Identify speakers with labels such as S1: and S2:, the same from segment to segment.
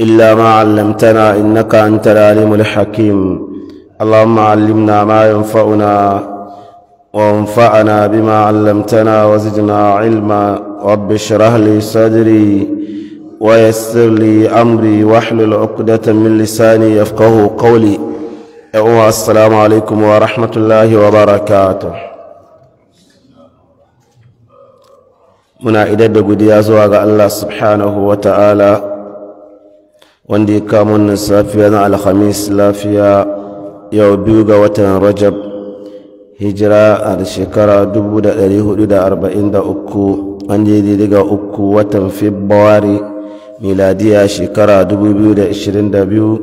S1: إلا ما علمتنا إنك أنت العليم الحكيم اللهم علمنا ما ينفعنا وانفعنا بما علمتنا وزدنا علما رب اشرح لي صدري ويسر لي أمري واحلل عقدة من لساني يفقه قولي السلام عليكم ورحمة الله وبركاته muna idar da godiya zuwa ga Allah subhanahu wa ta'ala wanda ya kamo na safiya na alhamis lafiya yau biyu ga watan rajab hijira a shekara 1443 wanda ya daga uku watan februari miladiya shekara 2022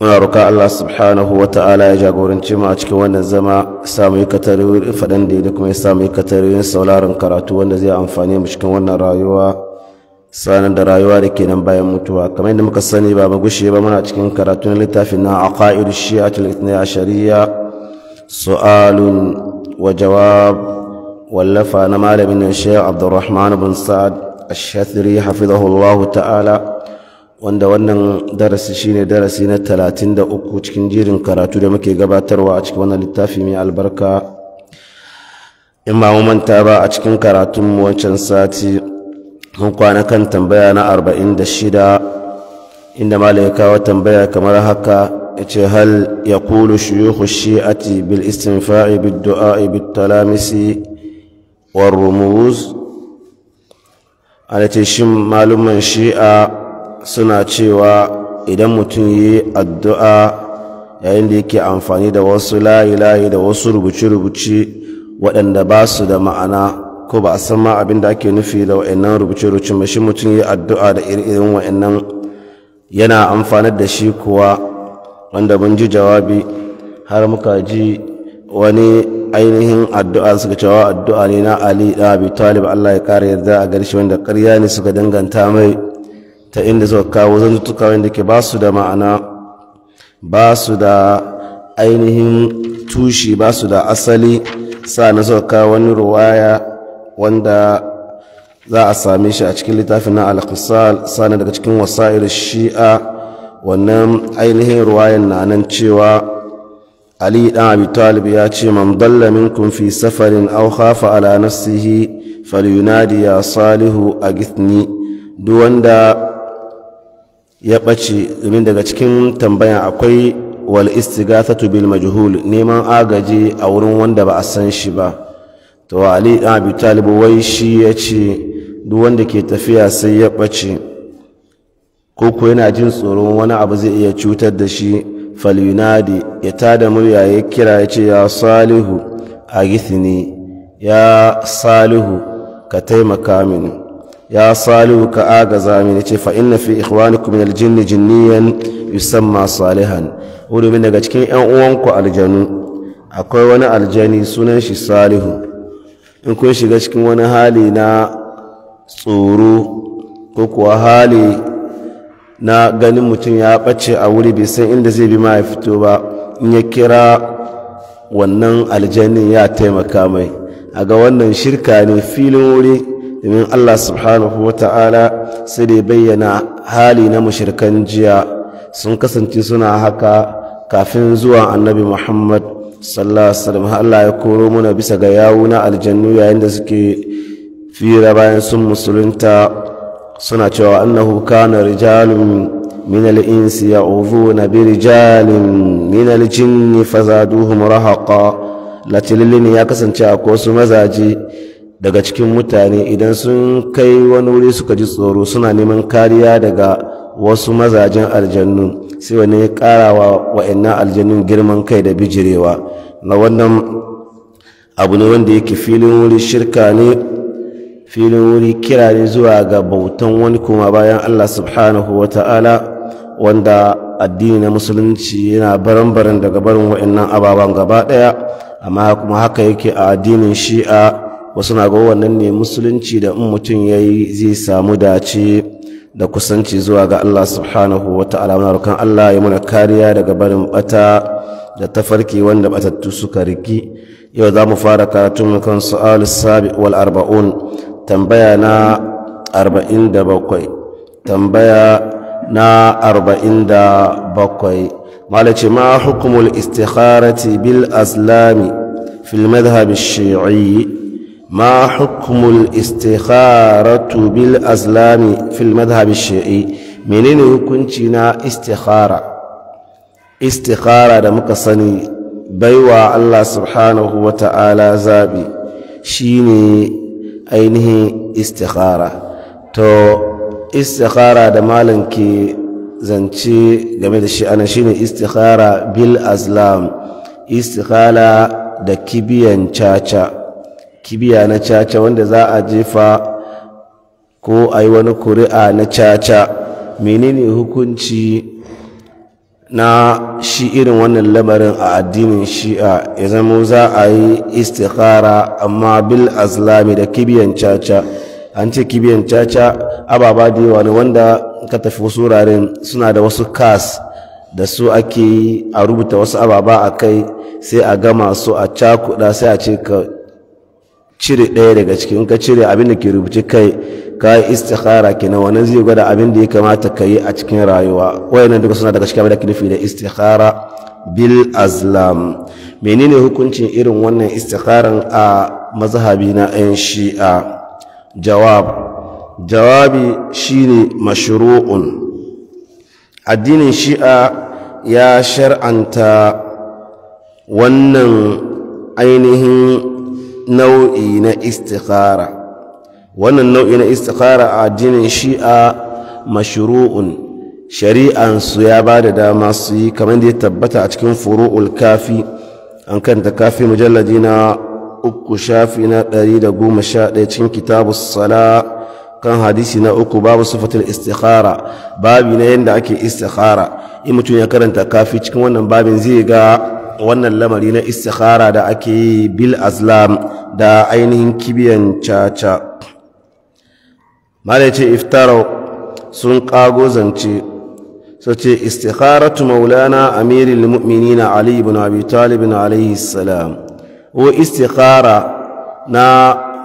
S1: muna roƙa Allah subhanahu wa ta'ala ya jagoranci mu a cikin wannan zama samu yi katarorin faɗan da kuma ya samu yi yin sauraron karatu wanda zai amfani mu cikin wannan rayuwa Sanar da rayuwa da kenan bayan mutuwa kamar yadda muka sani ba mu gushe ba muna cikin karatu na littafin na aqaid shi'atul ithna ashariya su'alun wa jawab wallafa na malamin nan Sheikh Abdulrahman bin Sa'ad Ash-Shathri hafizahullah ta'ala wanda wannan darasi shine darasi na 33 cikin jirin karatu da muke gabatarwa a cikin wannan littafi mai albarka in ba mu manta ba a cikin karatun wancan sati mun kwana kan tambaya na da shida inda malaika tambaya kamar haka yace hal yaqulu shuyukhu shi'ati bil istinfa'i bid du'a'i bit talamisi war rumuz alace shin maluman shi'a suna cewa idan mutum yi addu'a yayin da yake amfani da wasu layi-layi da wasu rubuce-rubuce waɗanda ba su da ma'ana ko ba a san ma abin da ake nufi da wa'annan rubuce-rubuce ba shi mutum yi addu'a da irin wa'annan yana amfanar da shi kuwa wanda mun ji jawabi har muka ji wani ainihin addu'a suka cewa addu'a ne na Ali da Abi Talib Allah ya kare yarda a garshi wanda karya ne suka danganta mai ta inda suka kawo zan tuka wanda ke ba su da ma'ana ba su da ainihin tushi ba su da asali sa na suka kawo wani ruwaya wanda za a same shi a cikin littafin na alkhisal sani daga cikin wasa'ir shi'a wannan ainihin ruwayan na nan cewa ali dan abi talib ya ce man dalla minkum fi safarin aw khafa ala nafsihi falyunadi ya salihu agithni duk wanda ya ɓace domin daga cikin tambaya akwai wal istigathatu bil majhul neman agaji a wurin wanda ba a san shi ba to ali ɗan abi talib wai shi ya ce duk wanda ke tafiya sai ya ɓace ko ko yana jin tsoron wani abu zai iya cutar da shi falunadi ya tada murya ya kira ya ce ya salihu a gisini ya salihu ka taimaka mini ya salihu ka agaza mini ce fa inna fi ikhwanikum min aljinn jinniyan yusamma salihan wuri daga cikin yan uwanku aljanu akwai wani aljani sunan shi salihu in kun shiga cikin wani hali na tsoro ko kuwa hali na ganin mutum ya ɓace a wuri bai san inda zai bi ma ya fito ba in ya kira wannan aljannin ya taimaka mai a ga wannan shirka ne filin wuri domin allah subhanahu wa ta'ala sai da bayyana hali na mashirkan jiya sun kasance suna haka kafin zuwa annabi muhammad sallallahu Allah ya koro muna bisa ga yawu na aljannu yayin da suke fira bayan sun musulunta suna cewa annahu kana rijalun min al-insi ya'udhuna bi rijalin min al-jinni fazaduhum rahaqa latililin ya kasance a wasu mazaje daga cikin mutane idan sun kai wani wuri suka ji tsoro suna neman kariya daga wasu mazajen aljannu sai wani ya ƙara wa wa'annan aljanun girman kai da bijirewa na wannan abu ne wanda yake filin wuri shirka ne filin wuri kira ne zuwa ga bautan wani kuma bayan allah subhanahu wa ta'ala wanda addini na musulunci yana baran-baran daga barin wa'annan ababen gaba ɗaya amma kuma haka yake a addinin shi'a wasu na ga wannan ne musulunci da in mutum ya yi zai samu dace da kusanci zuwa ga Allah subhanahu wa ta'ala muna roƙon Allah ya muna kariya daga barin bata da tafarki wanda batattu suka riki yau za mu fara karatun kan su'al sabi wal arba'un tambaya na arba'in da bakwai tambaya na arba'in da bakwai malace ma hukumul istikharati bil aslami fil madhhab shi'i Ma ما حكم الاستخارة بالأزلام في المذهب الشيعي منين يكونتنا استخارة استخارة da muka sani baiwa Allah subhanahu wa ta'ala zabi shine ainihin istikhara to istikhara da malam ke zance game da shi ana shine istikhara bil azlam istikhara da kibiyan caca kibiya na caca wanda za a jefa ko a yi wani kuri'a na caca menene hukunci na shi irin wannan lamarin a addinin shi'a ya zama za a yi istikhara amma bil azlami da kibiyan caca an ce kibiyan caca ababa da yawa ne wanda ka tafi wasu wuraren suna da wasu kas da su ake yi a rubuta wasu ababa a kai sai a gama su a cakuɗa sai a ce ka cire ɗaya daga ciki in ka cire abin da ke rubuce kai ka yi istikhara kenan wannan zai gwada abin da ya kamata ka yi a cikin rayuwa wayannan duka suna daga cikin abin da ke nufi da istikhara bil azlam menene hukuncin irin wannan istikharan a mazhabi na yan shi'a jawab jawabi shine mashru'un addinin shi'a ya shar'anta wannan ainihin nau'i na istikhara wannan nau'i na istikhara a addinin shi'a mashru'un shari'an su ya ba da dama su yi kamar da ya tabbata a cikin furu'ul kafi an kanta kafi mujalladi na uku shafi na ɗari da goma sha ɗaya cikin kitabu sala kan hadisi na uku babu sifatul istikhara babi na yadda ake istikhara in mutum ya karanta kafi cikin wannan babin zai ga wannan lamari na istikhara da ake yi bil azlam da ainihin kibiyan caca mala ce iftara sun kago zance su ce istikharatu maulana Amirul mu'minina ali ibn abi talib alayhi salam wa istikhara na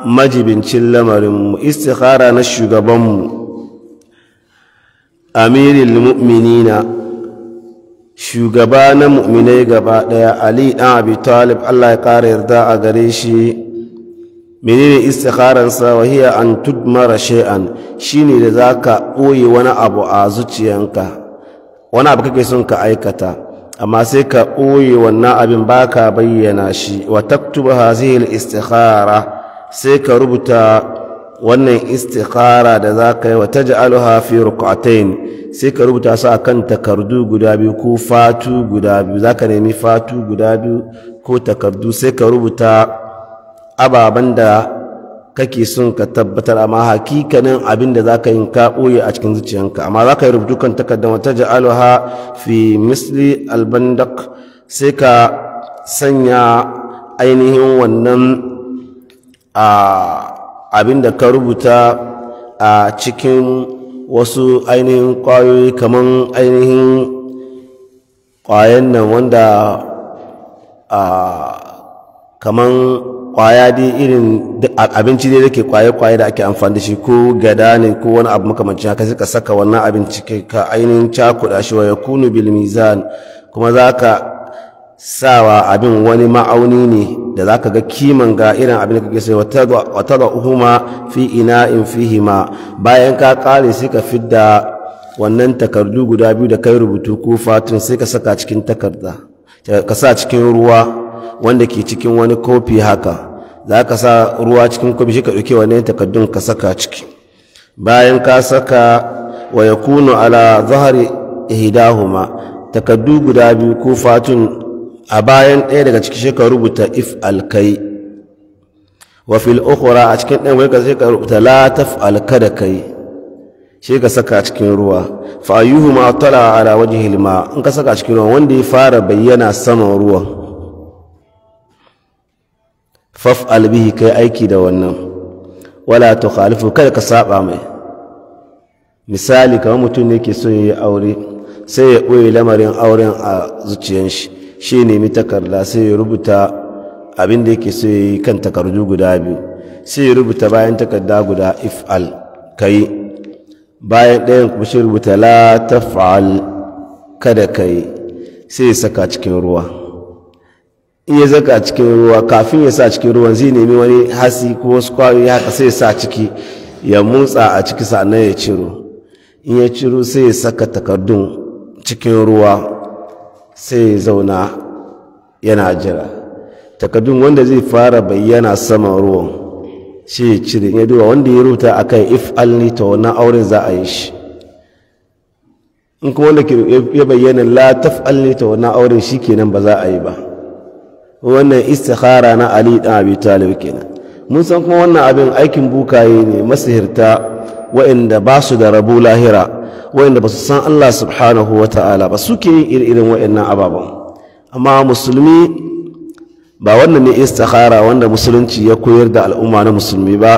S1: majibincin lamarinmu istikhara na shugabanmu Amirul mu'minina shugaba na mu'minai gaba ɗaya ali ɗan abi talib allah ya ƙara yarda a gare shi menene istikharansa wa hiya an tudmara shay'an shine da zaka boye wani abu a zuciyanka wani abu kake son ka aikata amma sai ka boye wannan abin baka bayyana shi wa taktuba hazihi al-istikhara sai ka rubuta wannan istikara da za ka yi wa ta ja'aluha fi rukatain sai ka rubuta su a kan takardu guda biyu ko fatu guda biyu za ka nemi fatu guda biyu ko takardu sai ka rubuta ababen da kake son ka tabbatar amma hakikanin abin da za ka yi ka ɓoye a cikin zuciyarka amma za ka yi rubutu kan takardar wata ja'aluha fi misli albandak sai ka sanya ainihin wannan a ah, abin da ka rubuta a cikin wasu ainihin ƙwayoyi kamar ainihin ƙwayan nan wanda a kamar ƙwaya dai irin abinci dai da ke ƙwaye-ƙwaye da ake amfani da shi ko gada ne ko wani abu makamanci haka suka saka wannan abinci ka ainihin cakuɗa shi wa ya kunu bil mizan kuma za ka sawa abin wani ma'auni ne da za ka ga kiman ga irin abin da kake sai wata da uhuma fi ina in fi hima, bayan ka kare sai ka fidda wannan takardu guda biyu da kai rubutu ko fatun sai ka saka cikin takarda ka sa cikin ruwa wanda ke cikin wani kofi haka za ka sa ruwa cikin kofi shi ka ɗauke wannan takardun ka saka ciki bayan ka saka wa yakunu ala zahari ihdahuma takardu guda biyu ko fatun a bayan ɗaya daga ciki shi ka rubuta if alkai wa fil ukhra a cikin ɗan wai ka sai ka rubuta la alka da kai shi ka saka a cikin ruwa fa ma tala ala wajhi hilma. in ka saka a cikin ruwa wanda ya fara bayyana saman ruwan Faf albihi kai aiki da wannan wala khalifu kada ka saba mai misali kamar mutum ne ke so ya yi aure sai ya ɓoye lamarin auren a zuciyar shi shi nemi takarda sai ya rubuta abin da yake so yi kan takardu guda biyu sai ya rubuta bayan takarda guda if'al kai bayan ɗayan kuma shi rubuta la taf'al kada kai sai ya saka cikin ruwa in ya saka cikin ruwa kafin ya sa cikin ruwan zai nemi wani hasi ko wasu kwayoyi haka sai ya sa ciki ya motsa a ciki sannan ya ciro in ya ciro sai ya saka takardun cikin ruwa sai ya zauna yana jira takardun wanda zai fara bayyana saman ruwan shi cire ya duba wanda ya rubuta akan if alni ta wannan auren za a yi shi in kuma wanda ya bayyana la alni ta wannan auren shi kenan ba za a yi ba wannan istikhara na ali dan abi talib kenan mun san kuma wannan abin aikin bukaye ne masihirta waɗanda ba su da rabu lahira wanda ba su san Allah subhanahu wa ta'ala ba suke yin irin wayannan ababen amma musulmi ba wannan ne istikhara wanda musulunci ya koyar da al'umma na musulmi ba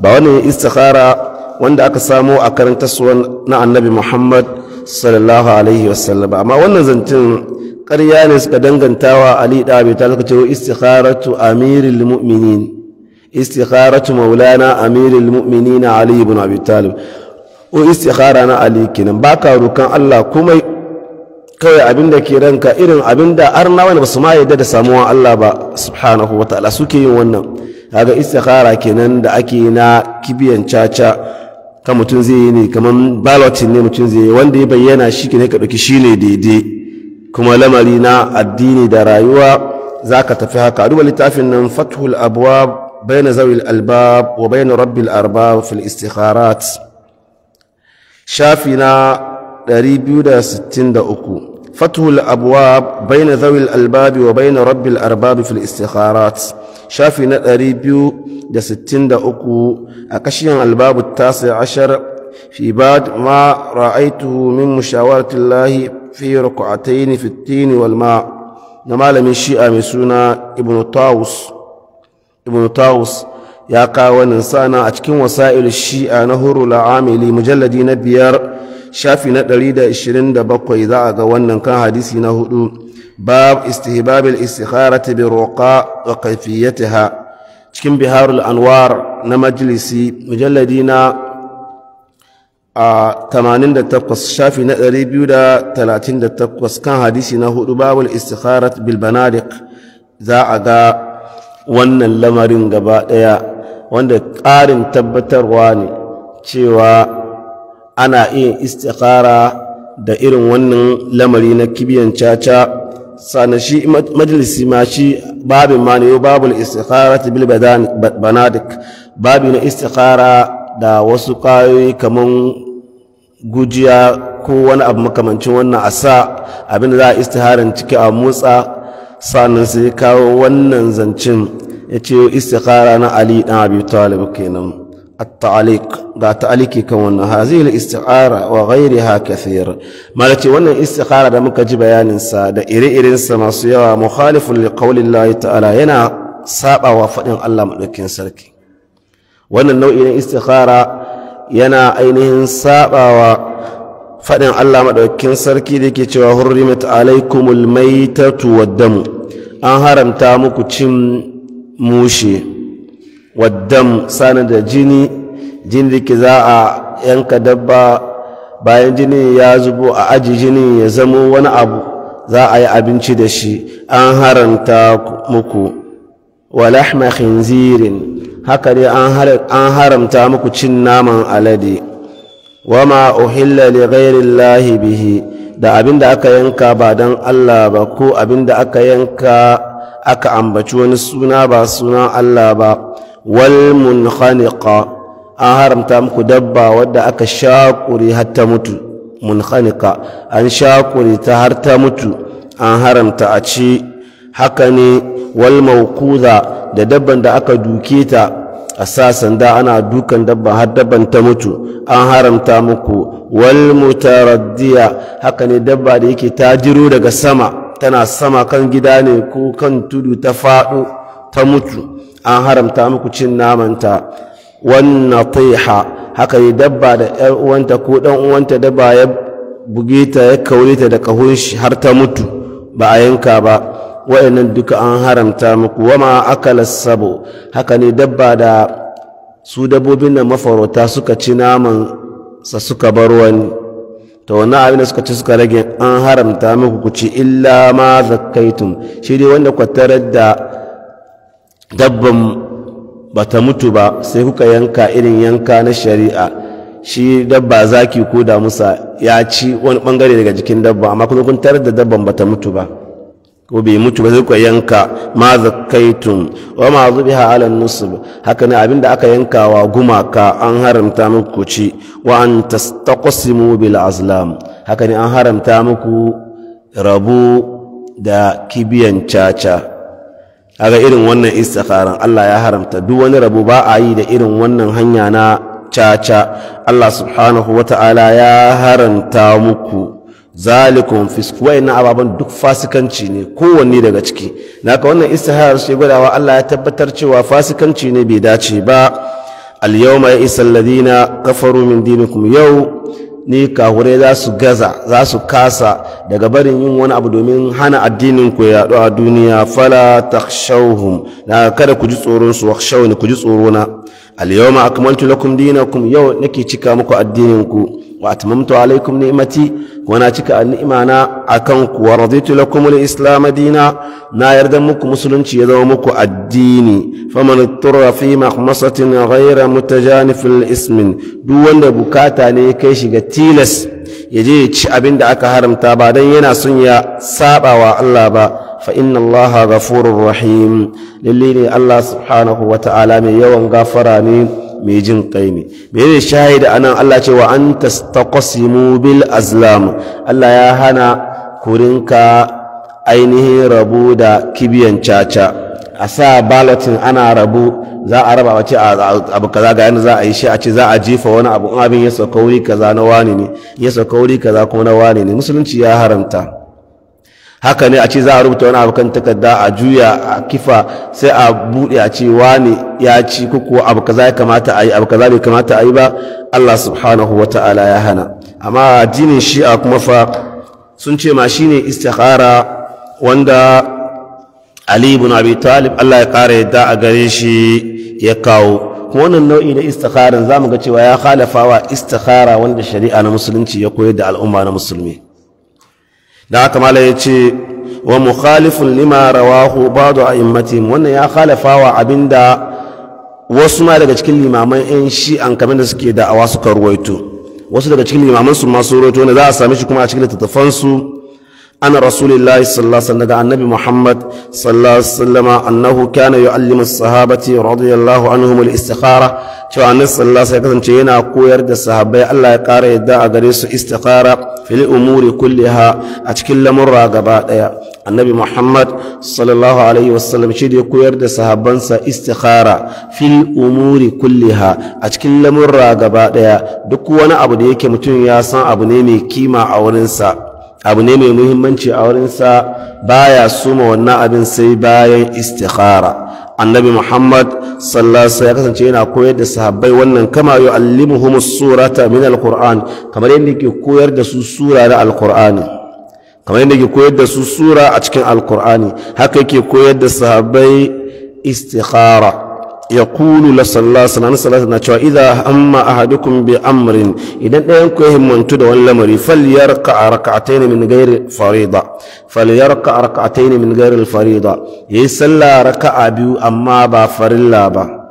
S1: ba wannan ne istikhara wanda aka samo a karantarsuwan na annabi Muhammad sallallahu alaihi wasallam amma wannan zancen ƙarya ne suka dangantawa Ali da Abi Talib cewa istikharatu Amirul mu'minin istikharatu maulana Amirul mu'minin Ali ibn Abi Talib o istikhara na ali kenan baka rukan Allah kuma kai abinda ke ranka irin abinda da arna wani basu ma yadda da samuwa Allah ba subhanahu wa ta'ala suke yin wannan kaga istikhara kenan da ake na kibiyan caca ka mutum zai yi ne kaman balotin ne mutum zai yi wanda ya bayyana shi ne ka dauki shine daidai kuma lamari na addini da rayuwa zaka tafi haka duba littafin nan fathul abwab bayna zawil albab wa bayna rabbil arbab fil istikharat شافنا shafi na أكو فتح الأبواب بين ذوي الألباب وبين رب الأرباب في الاستخارات شافنا داري بيو دا ستين دا أكو أكشيان الباب التاسع عشر في بعد ما رأيته من مشاورة الله في ركعتين في التين والماء نمال من شيئا مسونا ابن طاوس ابن طاوس ya kawo wannan sana a cikin wasa'il shi'a na hurul amili mujalladi na biyar shafi na 127 za a ga wannan kan hadisi na hudu bab istihbab al-istikharati bi ruqa wa kayfiyataha cikin biharul anwar na majalisi mujalladi na a 88 shafi na 238 kan hadisi na hudu babul istikharat bil banadiq za a ga wannan lamarin gaba daya wanda ƙarin tabbatarwa ne cewa ana iya istikara da irin wannan lamari na kibiyan caca sannan shi majalisi ma shi babin ma ne babul istikara ta bil banadik babi na istikara da wasu ƙayoyi kamar gujiya ko wani abu makamancin wannan a sa abinda za a istiharin ciki a motsa sannan sai kawo wannan zancen ya ce istikhara na ali dan abi talib kenan at-ta'liq ga ta'liki kan wannan hazil istikhara wa ghayriha kathir malaci wannan istikhara da muka ji bayanin sa da ire-iren sa masu yawa mukhalifun li Allah ta'ala yana saba wa fadin Allah madaukin sarki wannan nau'i na istikhara yana ainihin sabawa fadin Allah madaukin sarki da yake cewa hurrimat alaikumul maitatu wad damu an haramta muku cin mushe waddam sani da jini jini da ke za a yanka dabba bayan jini ya zubo a aji jini ya zamo wani abu za a yi abinci da shi an haranta muku walahma khinzirin haka ne an haramta muku cin naman alade wama uhilla li ghairillahi bihi da abin da aka yanka ba don Allah ba ko abin da aka yanka aka ambaci wani suna ba sunan Allah ba wal munkhaniqa an haramta muku dabba wadda aka shakuri har ta mutu munkhaniqa an shakuri ta har ta mutu an haramta a ci haka ne wal mawquza da dabban da aka duke ta a sa sanda ana dukan dabba har dabban ta mutu an haramta muku wal mutaraddiya haka ne dabba da yake ta jiro daga sama tana sama kan gida ne ko kan tudu ta faɗo ta mutu an haramta muku cin namanta wannan taiha haka yi dabba da ‘yar uwanta ko ɗan uwanta dabba ya buge ta ya kaure ta da kahun shi har ta mutu ba a yanka ba wa'annan duka an haramta muku wama akala sabo haka ne dabba da su dabbobin nan mafarauta suka ci naman sa suka bar wani to wannan abin da suka ci suka rage an haramta muku ku ci illa ma zakkaitum shi dai wanda tarar da dabban bata mutu ba sai kuka yanka irin yanka na shari'a shi dabba zaki ko da musa ya ci wani bangare daga jikin dabba amma kun tarar da dabban bata mutu ba ko bai mutu ba zai yanka ma zakaitum wa ma zubiha ala nusb haka ne abinda aka yanka wa gumaka an haramta muku ci wa an tastaqsimu bil azlam haka ne an haramta muku rabu da kibiyan caca ga irin wannan istikharan Allah ya haramta duk wani rabu ba a yi da irin wannan hanya na caca Allah subhanahu wata'ala ya haramta muku zalikum fiskuwa ina ababen duk fasikanci ne kowanne daga ciki ka wannan istihar suke gwadawa Allah ya tabbatar cewa fasikanci ne bai dace ba al-yawma ya'isa alladhina kafaru min dinikum yau ni kahure za su gaza za su kasa daga barin yin wani abu domin hana addinin ku yaɗu a duniya fala takshawhum na kada ku ji tsoron su wakhshawni ku ji tsoro na al-yawma akmaltu lakum dinakum yau nake cika muku addinin ku wa atmamtu alaikum ni'mati wa na cika ni'imana akan ku wa raditu lakum al-islam dina na yarda muku musulunci ya zama muku addini faman turra fi mahmasatin ghayra mutajanif al-ism duk wanda bukata ne ya kai shiga tilas ya je ya ci abin da aka haramta ba dan yana son ya saba wa Allah ba fa inna Allah ghafurur rahim lalle ne Allah subhanahu wa ta'ala mai yawan gafara ne mai jin kai ne menene shahida anan Allah ce wa an tastaqsimu bil azlam Allah ya hana kurinka ainihin rabu da kibiyan caca a sa balotin ana rabu za a raba wace abu kaza ga yana za a yi shi a ce za a jefa wani abu in abin ya sauka wuri kaza na wani ne ya sauka wuri kaza kuma na wani ne musulunci ya haramta haka ne a ce za a rubuta wani abu kan takarda a juya a kifa sai a buɗe a ce wani ya ci kuku abu kaza ya kamata a yi abu kaza bai kamata a yi ba Allah subhanahu wa ta'ala ya hana amma addinin shi'a kuma fa sun ce ma shine istikhara wanda Ali ibn Abi Talib Allah ya kara yadda a gare shi ya kawo kuma wannan nau'i na istikharan zamu ga cewa ya khalafa wa istikhara wanda shari'a na musulunci ya koyar da al'umma na musulmi da haka mala ya ce wa mukhalifun lima rawahu ba'du a'immatihim wannan ya khalafawa abinda wasu ma daga cikin limaman yan shi'an kamar da suke da'awa suka ruwaito wasu daga cikin limaman su masu ruwaito wanda za a same shi kuma a cikin littattafansu ana rasulillahi sallallahu alaihi daga annabi muhammad sallallahu alaihi wasallam annahu kana yu'allimu sahabati radiyallahu anhum al-istikhara cewa ya sallallahu alaihi kasance yana koyar da sahabbai Allah ya kara yadda a gare su istikhara fil umuri kulliha a cikin lamurra gaba daya annabi muhammad sallallahu alaihi wasallam da koyar da sahabbansa istikhara fil umuri kulliha a cikin lamurra gaba daya duk wani abu da yake mutum ya san abu ne mai kima a wurinsa abu ne mai muhimmanci a wurinsa baya suma wannan abin sai bayan istikhara annabi muhammad sallallahu ya kasance yana koyar da sahabbai wannan kama yu allimuhum surata min alquran kamar yadda ke koyar da su sura na alqurani kamar yadda ke koyar da su sura a cikin alqurani haka yake koyar da sahabbai istikhara yaqulu la sallallahu alaihi wasallam na cewa idza amma ahadukum bi amrin idan ɗayan ku himmantu da wani lamari fal falyarka rak'atayn min ghairi farida falyarka rak'atayn min ghairi farida yayi sallah raka'a biyu amma ba farilla ba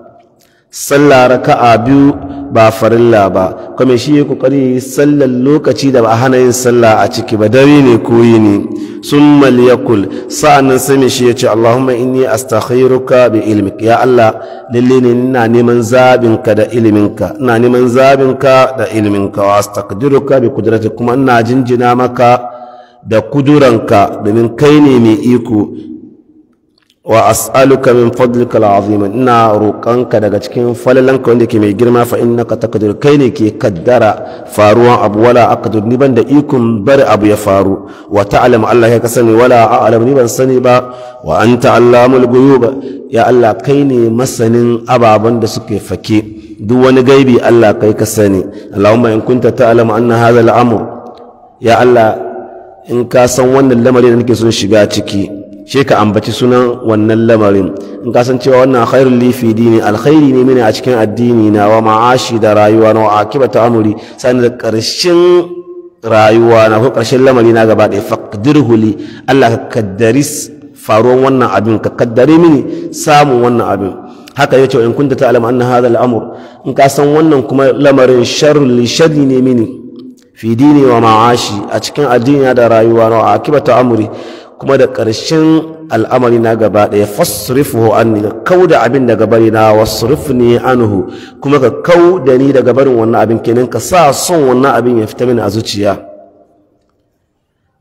S1: sallah raka'a biyu ba farilla ba kuma shi ya kokari sallar lokaci da ba a hana yin sallah a ciki ba dare ne ko yini summa liyakul sa'annan sai mai shi ya ce Allahumma inni astakhiruka bi ilmik ya Allah lalle ne ina neman zabinka da ka ina neman ka da ka wa astaqdiruka bi kudurata kuma ina jinjina maka da kuduranka domin kai ne mai iko wa as'aluka min fadlika al'azim ina roƙonka daga cikin falalanka wanda ke mai girma fa innaka taqdir kai ne ke kaddara faruwan abu wala aqdir ni ban da ikon bari abu ya faru wa ta'lam Allah ya kasani wala a'lam ni ban sani ba wa anta allamul ghuyub ya Allah kai ne masanin ababan da suke fake duk wani gaibi Allah kai ka sani Allahumma in kunta ta'lam anna hadha al'amr ya Allah in ka san wannan lamarin da nake son shiga ciki shi ka ambaci sunan wannan lamarin in ka cewa wannan khairul li fi dini alkhairi ne mini a cikin addini na wa ma'ashi da rayuwa na wa akibata amuri sanin da karshen rayuwa na ko karshen lamari na gaba ɗaya faqdirhu li Allah ka kaddari faruwan wannan abin ka kaddare mini samun wannan abin haka yace in kunta ta'lamu anna hadha al-amr in ka san wannan kuma lamarin sharri li shadi ne mini fi dini wa ma'ashi a cikin addini da rayuwa na wa akibata amuri kuma da ƙarshen al'amari na gaba ɗaya fasrifuhu anni ka kau da abin daga bari na wasrifni anhu kuma ka kau da ni daga barin wannan abin kenan ka sa son wannan abin ya fita mini a zuciya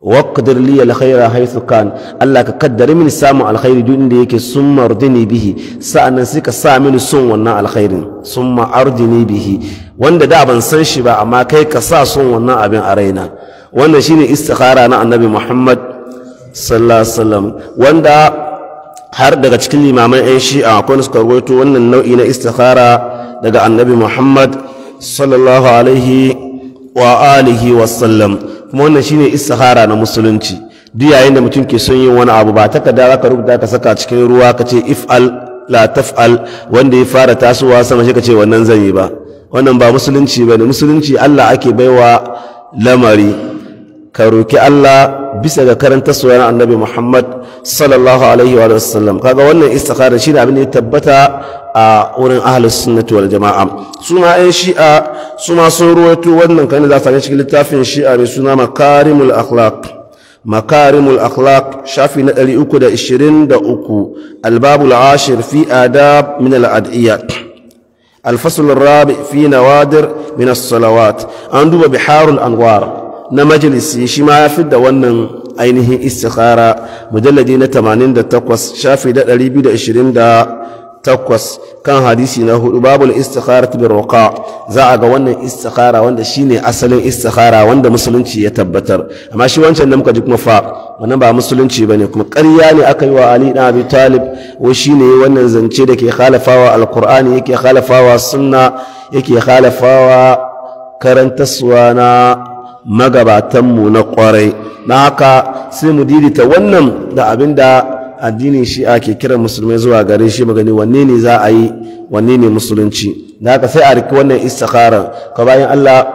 S1: waqdir li alkhaira haythu kan Allah ka kaddari mini samun alkhairi duk inda yake summa ardini bihi sa'annan sai ka sa mini son wannan alkhairin summa ardini bihi wanda da ban san shi ba amma kai ka sa son wannan abin a raina wannan shine istikhara na annabi Muhammad Sallasalam. wanda har daga cikin limaman yan shi'a akwai suka rawaito wannan nau'i na istikhara daga annabi Muhammad sallallahu alaihi wa alihi wasallam kuma wannan shine istikhara na musulunci duk yayin da mutum ke son yin wani abu ba takarda zaka rubuta ka saka cikin ruwa ka ce if'al la taf'al wanda ya fara tasowa sama shi ka ce wannan zan yi ba wannan ba musulunci ba ne, musulunci Allah ake baiwa lamari ka roki Allah bisa ga karanta sunan annabi Muhammad sallallahu alaihi wa sallam kaga wannan istikhara shine abin da ya tabbata a wurin ahlus sunnati wal jamaa su ma ai shi'a su ma sun ruwaito wannan kan za ta cikin littafin shi'a mai suna makarimul akhlaq مكارم الأخلاق شافي نتالي أكو دا إشرين دا أكو الباب العاشر في آداب من الأدعيات الفصل الرابع في نوادر من الصلوات أندوب بحار الأنوار na majalisi shi ma ya fi da wannan ainihin istikhara mujalladi na 88 shafi da 228 kan hadisi na hudu babul istikhara bi ruqa za a ga wannan istikhara wanda shine asalin istikhara wanda musulunci ya tabbatar amma shi wancan da muka ji kuma fa wannan ba musulunci bane kuma karya ne aka yi wa Ali dan Abi Talib wa shine wannan zance da ke khalafawa alqur'ani yake khalafawa sunna yake khalafawa karantaswa na magabatanmu na kwarai na haka sai mu didita wannan da abin da addinin shi'a ke kiran musulmai zuwa gare shi magani wanne ne za a yi wanne ne musulunci da haka sai a riki wannan istikhara ka bayan Allah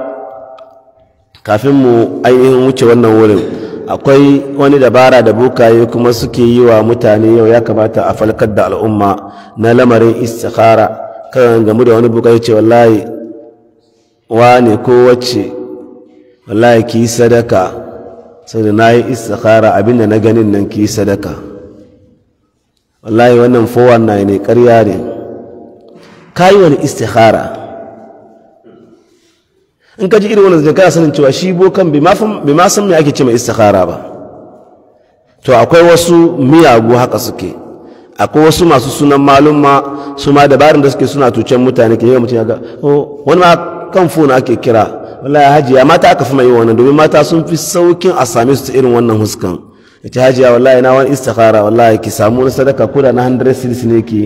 S1: kafin mu ainihin wuce wannan wurin akwai wani dabara da bukaye kuma suke yi wa mutane yau ya kamata a falkar da al'umma na lamarin istikhara kan gamu da wani bukaye ce wallahi wane ko wacce wallahi ki sadaka saboda na yi istikhara abinda na ganin nan ki sadaka wallahi wannan fowan na ne ƙarya ne ka yi wani istikhara in ka ji irin wannan zaka sanin cewa shi bokan bai ma san me ake ce mai istikhara ba to akwai wasu miyagu haka suke akwai wasu masu sunan malum ma su ma dabarin da suke suna tucen mutane ke yi mutum ya ga oh, wani ma kan fona ake kira wala hajiya mata aka fi mai wannan domin mata sun fi saukin a same su ta irin wannan huskan ita hajiya wallahi na wani istikhara wallahi ki samu wani sadaka ko da na 100 cedis ne ki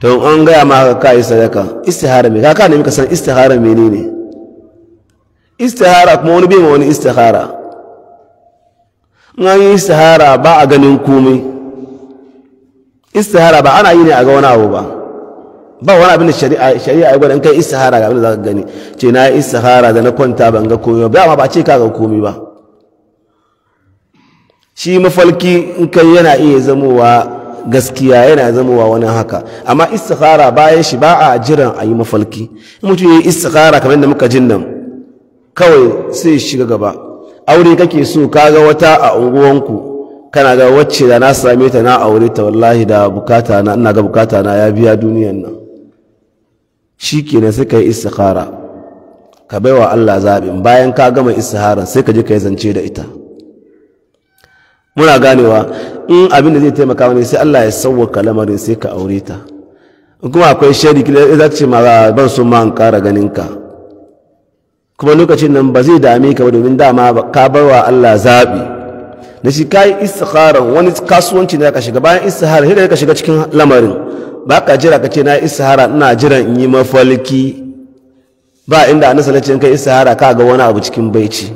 S1: to an gaya ma ka yi sadaka istihara me kaka ne muka san istihara menene istihara kuma wani bai ma wani istihara in an yi istihara ba a ganin komai istihara ba ana yi ne a ga wani abu ba ba wani abin da shari'a shari'a ya gwada in kai istihara ga abin da zaka gani ce na istihara da na kwanta ban ga komai ba amma ba ce ka ga komai ba shi mafalki in kai yana iya zamowa gaskiya yana zamowa wani haka amma istihara bayan shi ba a jiran a yi mafalki in mutum ya yi istihara kamar da muka jin nan kawai sai shiga gaba aure kake so ka ga wata a unguwanku kana ga wacce da na same ta na aure ta wallahi da bukata na ina ga bukata na ya biya duniyan nan shi kenan sai ka yi istihara ka baiwa Allah zaɓin bayan ka gama istiharan sai ka je ka yi zance da ita muna ganewa in abin da zai taimaka wani sai Allah ya sauwa lamarin sai ka aure ta kuma akwai shari kila za ce ma ah, ban so ma an ƙara ganin ka kuma lokacin nan ba zai dame ka ba domin dama ka bar wa Allah zaɓi da shi ka yi istihara wani kasuwanci ne ka shiga bayan istihara sai da ka shiga cikin lamarin ba ka jira ka ce na hara ina jiran in yi mafalki ba inda annabi sallallahu kai isa hara ka ga wani abu cikin baici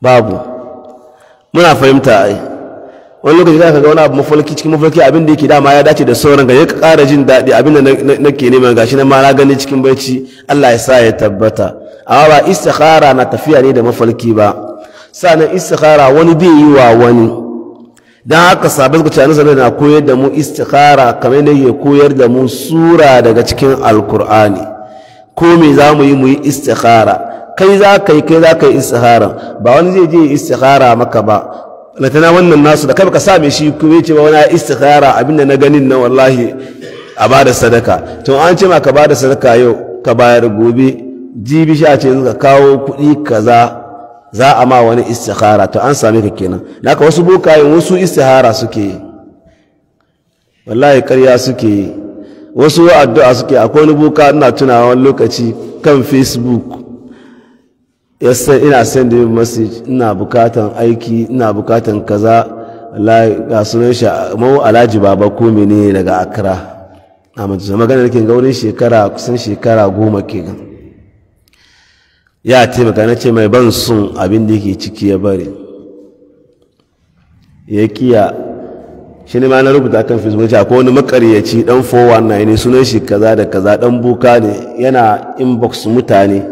S1: babu muna fahimta ai wani lokaci za ka ga wani abu mafalki cikin mafalki abin da yake dama ya dace da sauran ga ya ƙara jin daɗi abin da nake neman gashi na ma na gani cikin baici Allah ya sa ya tabbata amma ba istikhara na tafiya ne da mafalki ba sanan istikhara wani bai yi wa wani don haka sabis ga cani sanar na koyar da mu istikhara kamar yadda ya koyar da mu sura daga cikin alkur'ani ko me za mu yi mu yi istikhara kai za ka yi kai za ka yi istikhara ba wani zai je istikhara maka ba latana wannan nasu da kai baka same shi kuma ba wani istikhara abinda na ganin na wallahi a bada sadaka to an ce ma ka bada sadaka yau ka bayar gobe jibi shi a ce ka kawo kuɗi kaza za a ma wani istihara to an same ka kenan naka wasu bokayen wasu istihara suke wallahi karya suke wasu addu'a suke akwai wani boka ina tunawa wani lokaci kan facebook yasa ina send you message ina bukatan aiki ina bukatan kaza wallahi ga sunan shi mawu alhaji baba ko menene daga accra zama ganin kin ga wurin shekara kusan shekara goma kenan ya taimaka na ce mai ban sun abin da yake ciki ya bari ya kiya shi ne ma na rubuta kan facebook ce akwai wani makaryaci dan 419 ne sunan shi kaza da kaza dan buka ne yana inbox mutane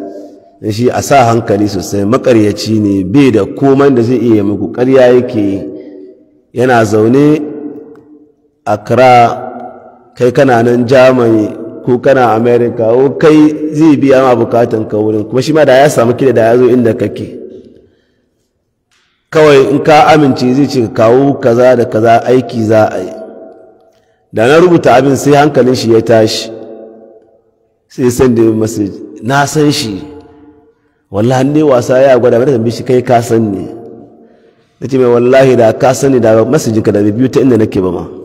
S1: da shi a sa hankali sosai makaryaci ne bai da komai da zai iya muku karya yake yana zaune a kira kai kana nan jamani ko kana america ko kai zai biya ma bukatan ka wurin kuma shi ma da ya samu kida da ya zo inda kake kawai in ka amince zai ce kawo kaza da kaza aiki za a yi da na rubuta abin sai hankalin shi ya tashi sai san da masu na san shi wallahi ne wasa ya gwada mai tambaye shi kai ka san ne ce mai wallahi da ka ne da message ka da biyu ta inda nake ba ma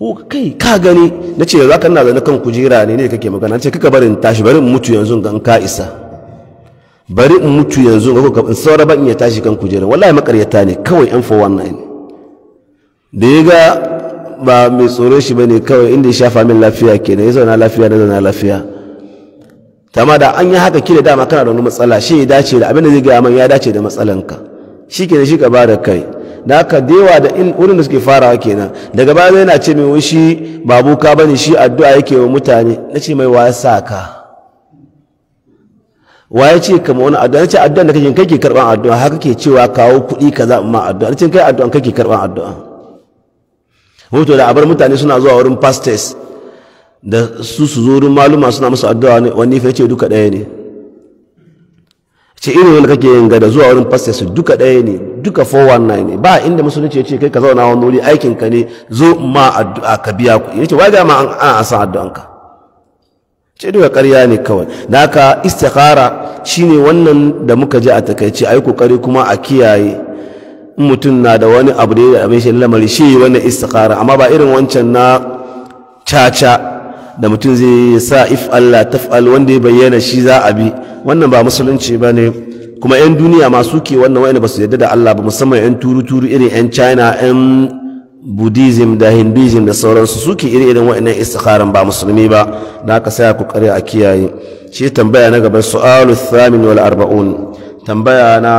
S1: ko oh, kai ka gani na ce yanzu kan na zane kan kujera ne ne kake magana ce kaka barin tashi barin mutu yanzu ga ka isa bari in mutu yanzu ga in saura ba in ya tashi kan kujera wallahi makaryata ne kawai yan 419 da ya ga ba mai tsoro shi bane kawai inda ya shafa min lafiya kenan ya zauna lafiya da zauna lafiya tama da an yi haka kila dama kana da wani matsala shi ya dace da abin da zai gaya man ya dace da matsalanka shi kenan shi ka ba da kai da haka dewa da wurin da suke farawa kenan daga baya yana ce mai wai shi ba boka bane shi addu'a yake wa mutane Na ce mai wa sa ka wa ya ce kama wani addu'a ce addu'a da kake ke karban addu'a haka ke cewa kawo kuɗi kaza amma addu'a ce kai addu'a kake karban addu'a hoto da abar mutane suna zuwa wurin pastors da su su zo wurin maluma suna musu addu'a wani fa ce duka ɗaya ne ce irin wanda kake yin gada zuwa wurin su duka ɗaya ne duka 419 ne ba inda musulunci ya ce kai ka zauna wani wuri aikin ka ne zo ma addu'a ka biya ku. yace wai ga ma ana san addu'anka ce duka ƙarya ne kawai da haka istikhara shine wannan da muka ji a takaice ai kokari kuma a kiyaye mutum na da wani abu da ya abin shi lamari shi wannan istikhara amma ba irin wancan na caca da mutum zai sa if Allah taf'al wanda ya bayyana shi za a bi wannan ba musulunci ba ne kuma 'yan duniya masu ke wannan wa'ina ba su yadda da Allah ba musamman 'yan turu-turu irin 'yan china 'yan buddhism da hinduism da sauransu suke iri irin wa'annan istikharan ba musulmi ba na aka saya ku kare a kiyaye shi tambaya na gaban su'alu thamin wal arba'un tambaya na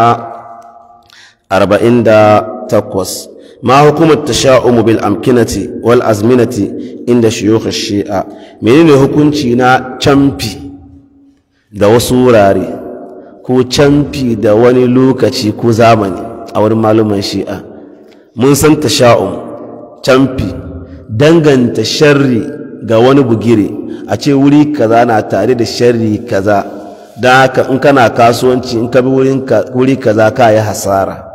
S1: arba'in da takwas ma hukumar tasha'umu bil amkinati wal azminati inda shiyukh shi'a menene hukunci na camfi da wasu wurare ko camfi da wani lokaci ko zamani a wurin maluman shi'a mun san tasha'um camfi danganta sharri ga wani bugiri, a ce wuri kaza na tare da sharri kaza don haka in kana kasuwanci in ka bi wuri kaza ka yi hasara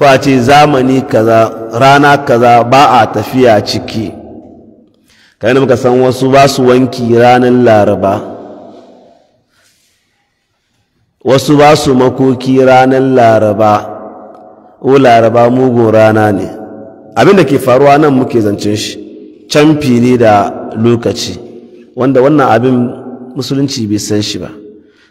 S1: ko a ce zamani kaza rana kaza ba a tafiya ciki kai da muka san wasu ba su wanki ranar laraba wasu ba su makoki ranar laraba o laraba mugun rana ne abinda ke faruwa nan muke zancen shi can fili da lokaci wanda wannan abin musulunci bai san shi ba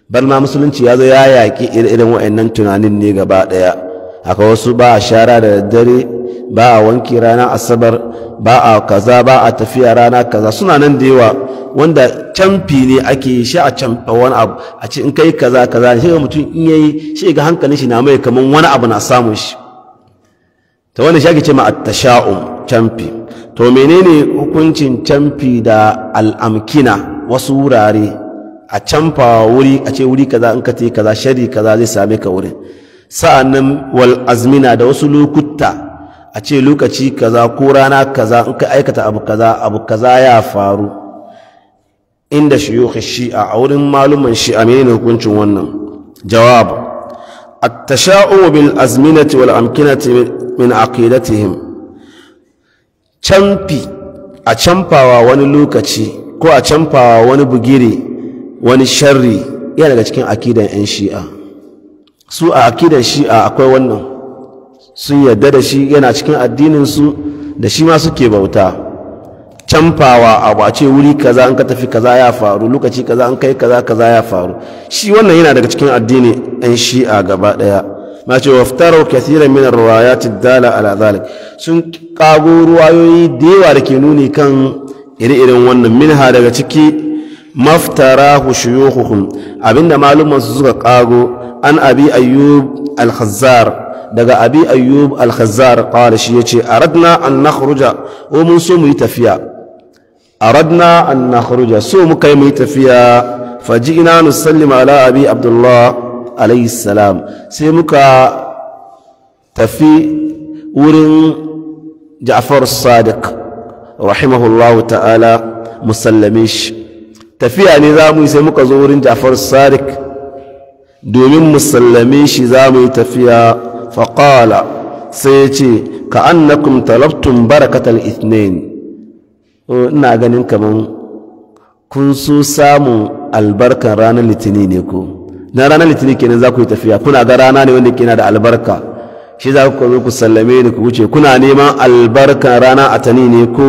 S1: bar ma musulunci ya zo ya yaƙi ire-iren wa'annan tunanin ne gaba ɗaya akwai wasu ba a shara da daddare ba a wanki rana asabar ba a kaza ba a tafiya rana kaza suna nan da yawa wanda camfi ne ake yi shi a canfa wani abu a ce in kai kaza kaza ne shiga mutum in yayi shi ga hankalin shi na mai kaman wani abu na samun shi ta wani shi ake ce ma at-tasha'um camfi to menene hukuncin camfi da al'amkina wasu wurare a canfa wuri a ce wuri kaza in ka te kaza shari kaza zai same ka wurin sa'annan wal azmina da wasu lokuta a ce lokaci kaza ko rana kaza in ka aikata abu kaza abu kaza ya faru inda shuyukh shi'a a wurin maluman shi'a menene hukuncin wannan jawab at-tasha'um bil azminati wal amkinati min aqidatihim camfi a camfawa wani lokaci ko a camfawa wani bugire wani sharri yana daga cikin akidan 'yan shi'a su a akidar a akwai wannan sun yarda da shi yana cikin addininsu da shi ma suke bauta canfawa abu a ce wuri kaza an ka tafi kaza ya faru lokaci kaza an kai kaza kaza ya faru shi wannan yana daga cikin addini ɗan shi'a gaba ɗaya ma ce waftarau kathiran min ya ci dala ala zalik sun kago ruwayoyi da yawa da ke nuni kan iri iren wannan minha daga ciki maftarahu shuyuhuhum abinda malumansu suka kago an abi ayyub al-khazzar daga abi ayyub al-khazzar qala shi yace aradna an nakhruja wa mun so mu yi tafiya aradna an nakhruja so mu kai mu yi tafiya faji'na nusallima ala abi abdullah alayhi salam sai muka tafi wurin Ja'far Sadiq rahimahullahu ta'ala musallame tafiya ne za mu yi sai muka zo wurin Ja'far Sadiq domin musallame shi za mu yi tafiya faƙala sai ya ce ka annakum talabtun barakatar ithnain ina ganin kamar kun so samun albarkan ranar litini ne ku? na ranar litini kenan za ku yi tafiya kuna ga rana ne wanda kina da albarka shi za ku zo ku sallame ni ku wuce kuna neman albarkan rana a tani ne ku?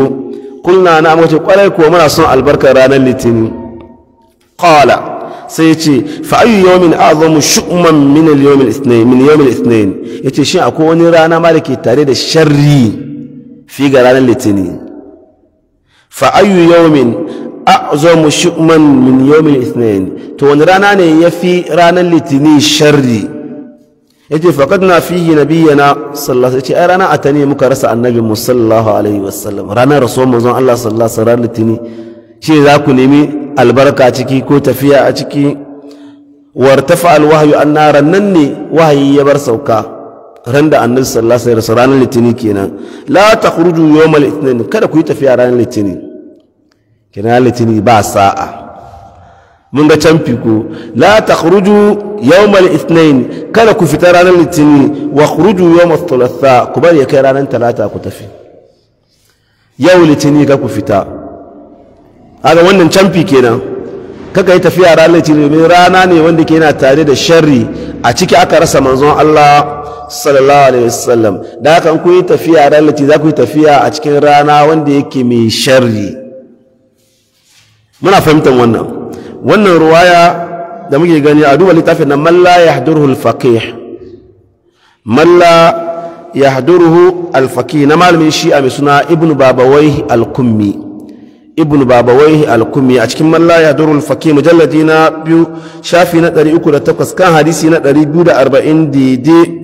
S1: Kuna na amince kwarai kuwa muna son albarkar ranar litini qala sai ya ce fa'ayu yawmin azamu shu'man min al-yawm al-ithnayn min yawm al-ithnayn yace shi akwai wani rana ma da ke tare da sharri fi ga ranar litini fa'ayu yawmin azamu shu'man min yawm al-ithnayn to wani rana ne ya fi ranar litini sharri yace faqadna fihi nabiyyana sallallahu alaihi wasallam rana a atani muka rasa annabi mu sallallahu alaihi wasallam ranar rasul manzon Allah sallallahu alaihi wasallam litini shi za ku nemi albarka a ciki ko tafiya a ciki wartafa alwahyu an nara nan ne wahayi ya bar sauka ran da annabi sallallahu alaihi wasallam ranar litini kenan la takhruju yawmal itinin kada ku yi tafiya ranar litini kenan litini ba sa'a mun ga can fiko la takhruju yawmal itinin kada ku fita ranar litini wa khruju yawmal thulatha ku bari ya kai ranar talata ku tafi yau litini ka ku fita haka wannan canfi kenan kaka yi tafiya ranar litinin domin rana ne wanda ke yana tare da sharri a ciki aka rasa manzon Allah sallallahu alaihi wasallam da haka ku yi tafiya ranar litinin za ku yi tafiya a cikin rana wanda yake mai sharri muna fahimtar wannan wannan ruwaya da muke gani a duba littafin na malla ya hadurhu alfaqih malla ya hadurhu alfaqih na malamin shi'a mai suna ibnu babawai alkummi ibn babawaihi alkumi a cikin malla ya durul fake mujalladi na biyu shafi na 308 kan hadisi na 240 daidai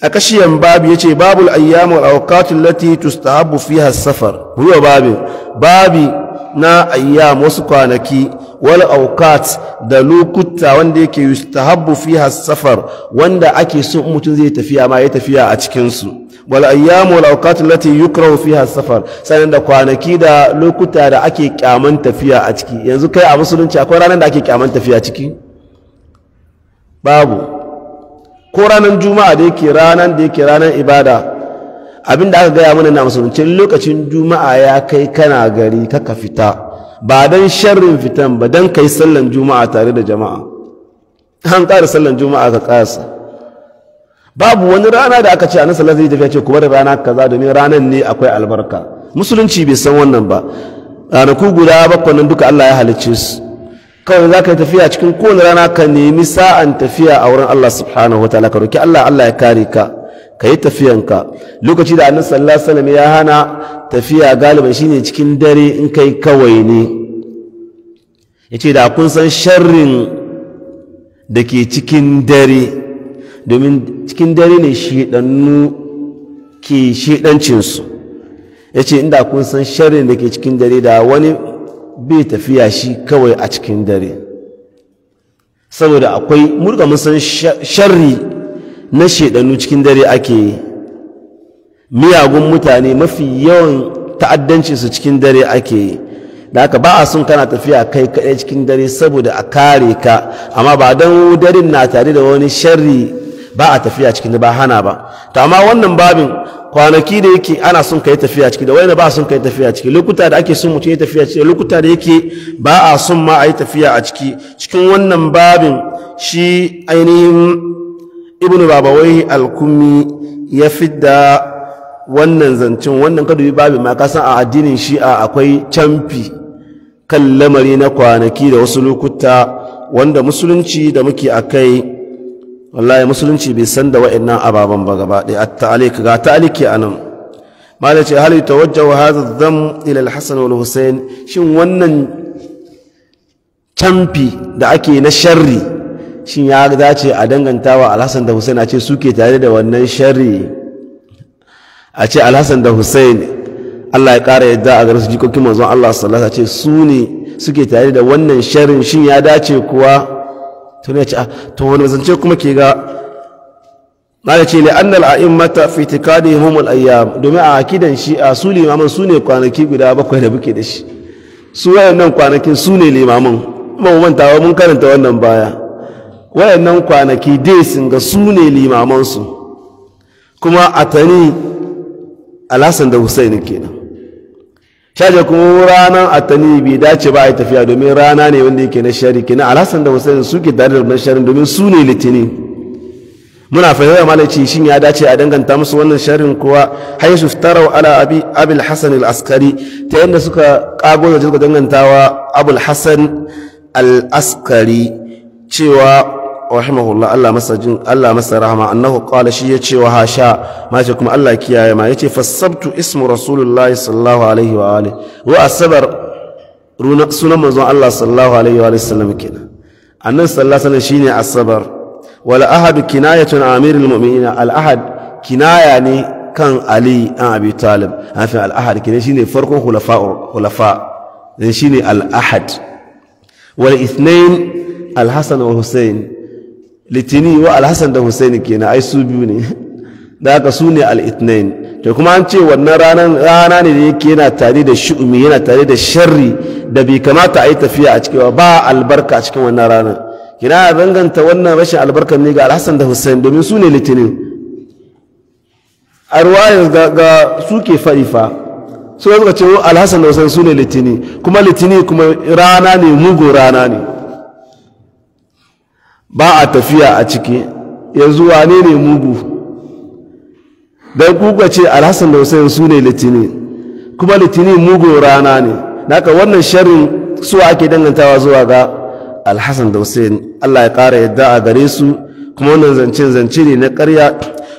S1: a kashiyan babu ya ce babul ayyamu al'aukatun lati tustahabu fiha safar huwa babu babi na ayyam wasu kwanaki wal aukat da lokuta wanda yake yustahabu fiha safar wanda ake so mutum zai tafiya ma ya tafiya a cikinsu wal ayyamu wal awqat allati yukrahu fiha safar sanan da kwanaki da lokuta da ake kyaman tafiya a ciki yanzu kai a musulunci akwai ranar da ake kyaman tafiya ciki babu ko ranar juma'a da yake ranar da yake ranar ibada abin da aka gaya mana na musulunci lokacin juma'a ya kai kana gari kaka fita ba dan sharrin fitan ba dan kai sallan juma'a tare da jama'a an ƙara sallan juma'a ka ƙasa babu wani rana da aka ce annabi sallallahu alaihi wasallam ya ce ku bar rana kaza domin ranan ne akwai albarka musulunci bai san wannan ba ranaku guda bakwai nan duka Allah ya halicce su kawai za ka yi tafiya cikin kowane rana ka nemi sa'an tafiya a wurin Allah subhanahu wa ta'ala ka roki Allah Allah ya kare ka ka yi tafiyanka lokaci da annabi sallallahu alaihi wasallam ya hana tafiya galiban shine cikin dare in kai kawai ne yace da kun san sharrin da ke cikin dare domin cikin dare ne shiɗannu ke shiɗancinsu ya ce inda kun san sharrin da ke cikin dare da wani bai tafiya shi kawai a cikin dare saboda akwai murga mun san sharri na shiɗannu cikin dare ake miyagun mutane mafi yawan ta'addancinsu cikin dare ake da haka ba a sun kana tafiya kai kaɗai cikin dare saboda a kare ka amma ba don darin na tare da wani sharri ba a tafiya cikin ba hana ba to amma wannan babin kwanaki da yake ana son kai tafiya ciki da wanda ba son kai tafiya ciki lokuta da ake son mutum ya tafiya ciki lokuta da yake ba a son ma a yi tafiya a ciki cikin wannan babin shi ainihin ibn babawai al-kummi ya fidda wannan zancen wannan kadubi babin ma ka san a addinin shi'a akwai canfi kan lamari na kwanaki da wasu lokuta wanda musulunci da muke akai wallahi musulunci bai san da wa'annan ababan ba gaba ɗaya at ta'alik ga ya anan malai ce hal yatawajjahu hadha dham ila al-hasan wal husayn shin wannan camfi da ake na sharri shin ya dace a dangantawa al-hasan da husayn a ce suke tare da wannan sharri a ce al-hasan da husayn Allah ya ƙara yadda a garin su jikokin manzon Allah sallallahu alaihi wasallam ce su ne suke tare da wannan sharrin shin ya dace kuwa to ne ah, to wani zance kuma ke ga na ce ne mata a'immata fi tikadihum al-ayyam domin a akidan shi a su limaman su ne kwanaki guda bakwai da muke da shi su nan kwanakin su ne limaman ba mu manta mun karanta wannan baya nan kwanaki dai sun ga su ne limaman su kuma tani alhassan da husaini kenan shaje kuma ranar atani bai dace ba a yi tafiya domin rana ne wanda yake na shari kina alhassan da su ke tare da sharin domin su ne litini muna fahimtar malaci shin ya dace a danganta musu wannan sharin kuwa haisu tarau ala abi abul hasan al-askari ta yadda suka kago da suka dangantawa abul hasan al-askari cewa rahimahullah Allah masa jin Allah masa rahama annahu qala shi ya ce wa hasha ma ce kuma Allah kiyaye ma yace fasabtu ismu rasulullah sallallahu alaihi wa alihi wa asabar runa sunan manzon Allah sallallahu alaihi wa sallam kenan annan sallallahu alaihi shine asabar wal ahad kinayatun amirul mu'minina al ahad kinaya ne kan ali an abi talib hafi al ahad kinai shine farkon khulafa khulafa dan shine al ahad wal ithnain al hasan wal husain litini wa alhassan da husaini kenan ai su biyu ne da haka su ne al'itnain to kuma an ce wannan ranar rana ne da yake yana tare da shi'umi yana tare da sharri da bai kamata a yi tafiya a cikin ba albarka a cikin wannan ranar kina danganta wannan rashin albarkar ne ga alhassan da husain domin su ne litinin a ruwayar ga su ke faɗi fa ga suka ce oh, alhassan da husain su ne litini kuma litini kuma rana ne mugu rana ne ba a tafiya a ciki yanzu wane ne mugu don kuka ce alhassan da hussein su ne litini kuma litini mugu rana ne naka wannan sharin su ake dangantawa zuwa ga alhassan da hussein allah ya ƙara yadda a gare su kuma wannan zancen zance ne na karya.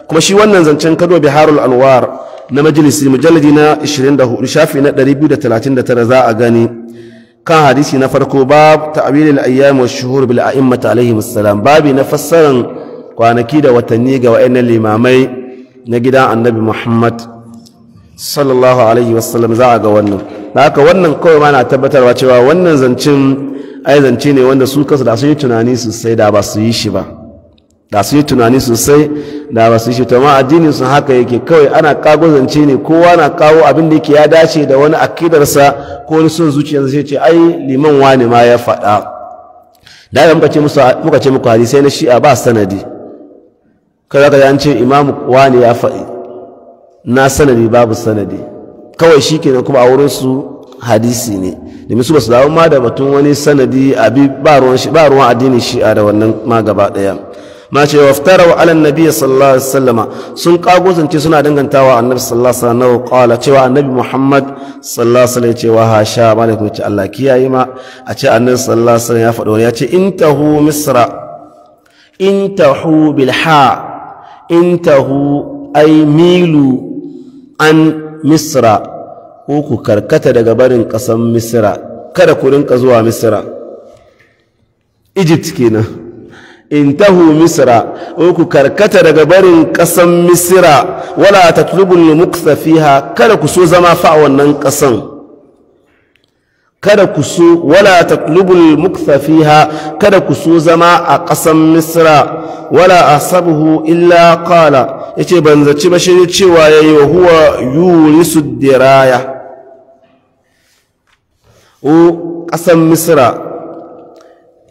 S1: kuma shi wannan zancen kado biharul anwar na majalisi mujalladi na 24 shafi na 239 za a gani kan hadisi na farko bab ta'wilil ayyam wa shuhur bil a'immat alaihim assalam babi na fassaran kwanaki da watanni ga wayannan limamai na gidan annabi Muhammad sallallahu alaihi wasallam za a ga wannan haka wannan kawai ma na tabbatarwa cewa wannan zancin ai zance ne wanda su kansu da su yi tunani sosai da ba su yi shi ba da su yi tunani sosai da ba su shi tama addinin sun haka yake kawai ana kagozance ne kowa na kawo abin da yake ya dace da wani akidarsa ko wani son zuciyarsa sai ce ai liman wani ma ya faɗa da ya muka ce muku hadisai na shi'a ba sanadi kada ka an ce imamu wani ya faɗi na sanadi babu sanadi kawai shi kenan kuma a wurin su hadisi ne domin su ba su dawo ma da batun wani sanadi a bi ba ruwan addinin shi'a da wannan ma gaba daya. ma ce waftara wa alan nabi sallallahu alaihi wasallama sun kago zance suna dangantawa annabi sallallahu alaihi wasallam qala cewa annabi muhammad sallallahu alaihi wasallam cewa ha sha malaiku ce Allah kiyaye ma a ce annabi sallallahu alaihi wasallam ya faɗo ya ce intahu misra intahu bil ha intahu ay milu an misra ko ku karkata daga barin kasan misra kada ku rinka zuwa misra egypt kenan In tahu misra in ku karkata daga barin ƙasan misira wala tatlubul muksa fiha kada ku so zama a wannan ƙasan kada ku so wala tatlubul muksa fiha kada ku so zama a ƙasan misra wala a sabu illa Ya ce ban zaci ba shi cewa yi wa huwa su diraya o ƙasan misra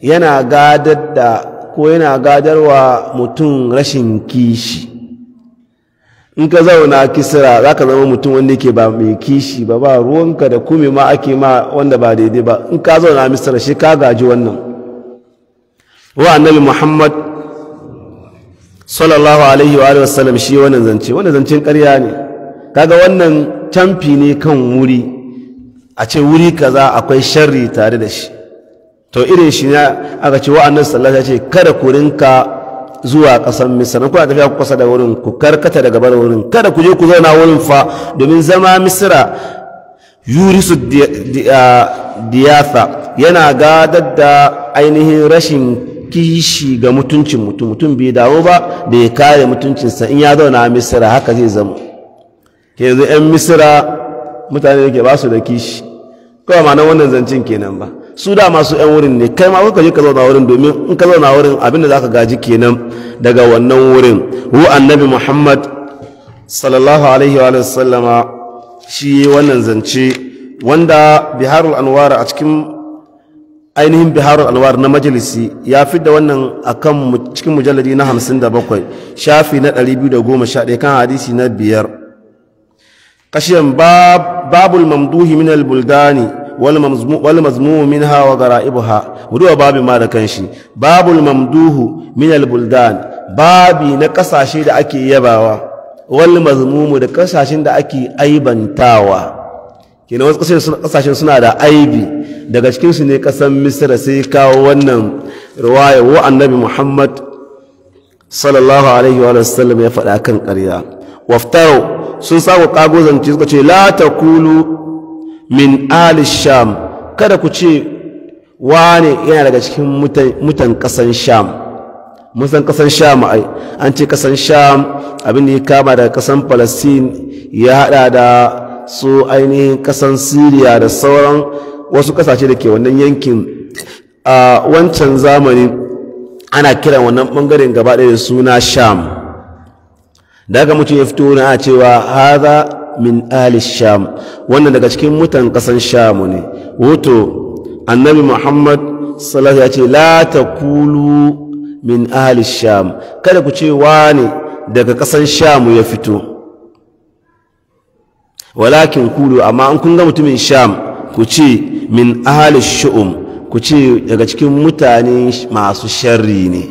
S1: yana gadar da ko yana gadarwa mutum rashin kishi in ka zauna kisira za ka zama mutum wanda ke ba mai kishi ba ba ruwanka da kume ma ake ma wanda ba daidai ba in ka zauna misira shi ka gaji wannan wa annabi muhammad sallallahu alaihi wa sallam shi wannan zance wannan zancen karya ne kaga wannan camfi ne kan wuri a ce wuri kaza akwai sharri tare da shi to irin shi ne aka ce wa'annan sallallahu alaihi ce kada ku rinka zuwa misir misra kuna tafiya ku kasa da wurin ku karkata daga bar wurin kada ku je ku zauna wurin fa domin zama misira yurisu diyatha yana gadar da ainihin rashin kishi ga mutuncin mutum mutum bai dawo ba da ya kare mutuncinsa in ya zauna misira haka zai zama ke yanzu 'yan misira mutane da ke ba su da kishi kawai ma wannan zancen kenan ba su da masu yan wurin ne kai ma kuka je ka zauna wurin domin in ka zauna wurin abin da zaka gaji kenan daga wannan wurin hu annabi muhammad sallallahu alaihi wa sallama shi wannan zance wanda biharul anwar a cikin ainihin biharul anwar na majalisi ya fi da wannan akan cikin mujalladi na 57 shafi na 211 kan hadisi na biyar kashiyan babul mamduhi min al-buldani wal mazmumu minha wa gara'ibuha duba babu ma da kanshi babul mamduhu min al buldan babi na kasashe da ake yabawa wal mazmumu da kasashen da ake aibantawa kina wasu kasashen suna da aibi daga cikin su ne kasan misra sai kawo wannan riwaya wa annabi muhammad sallallahu alaihi wa sallam ya faɗa kan ƙarya waftaro sun samu kago zance suka ce la takulu min ali sham kada ku ce wane yana daga cikin mutan kasan sham mutan kasan sham ai an ce kasan sham abin da ya kama daga kasan palestine ya haɗa da su ainihin kasan syria da sauran wasu kasashe da ke wannan yankin a wancan zamani ana kiran wannan bangaren gaba ɗaya da suna sham da aka mutum ya fito na cewa haza min ali sham wannan daga cikin mutan kasan shamu ne wato annabi muhammad sallallahu ya ce la taqulu min ali sham kada ku ce wani daga kasan shamu ya fito walakin kulu amma an kun ga mutumin sham ku ce min ali shu'um ku ce daga cikin mutane masu sharri ne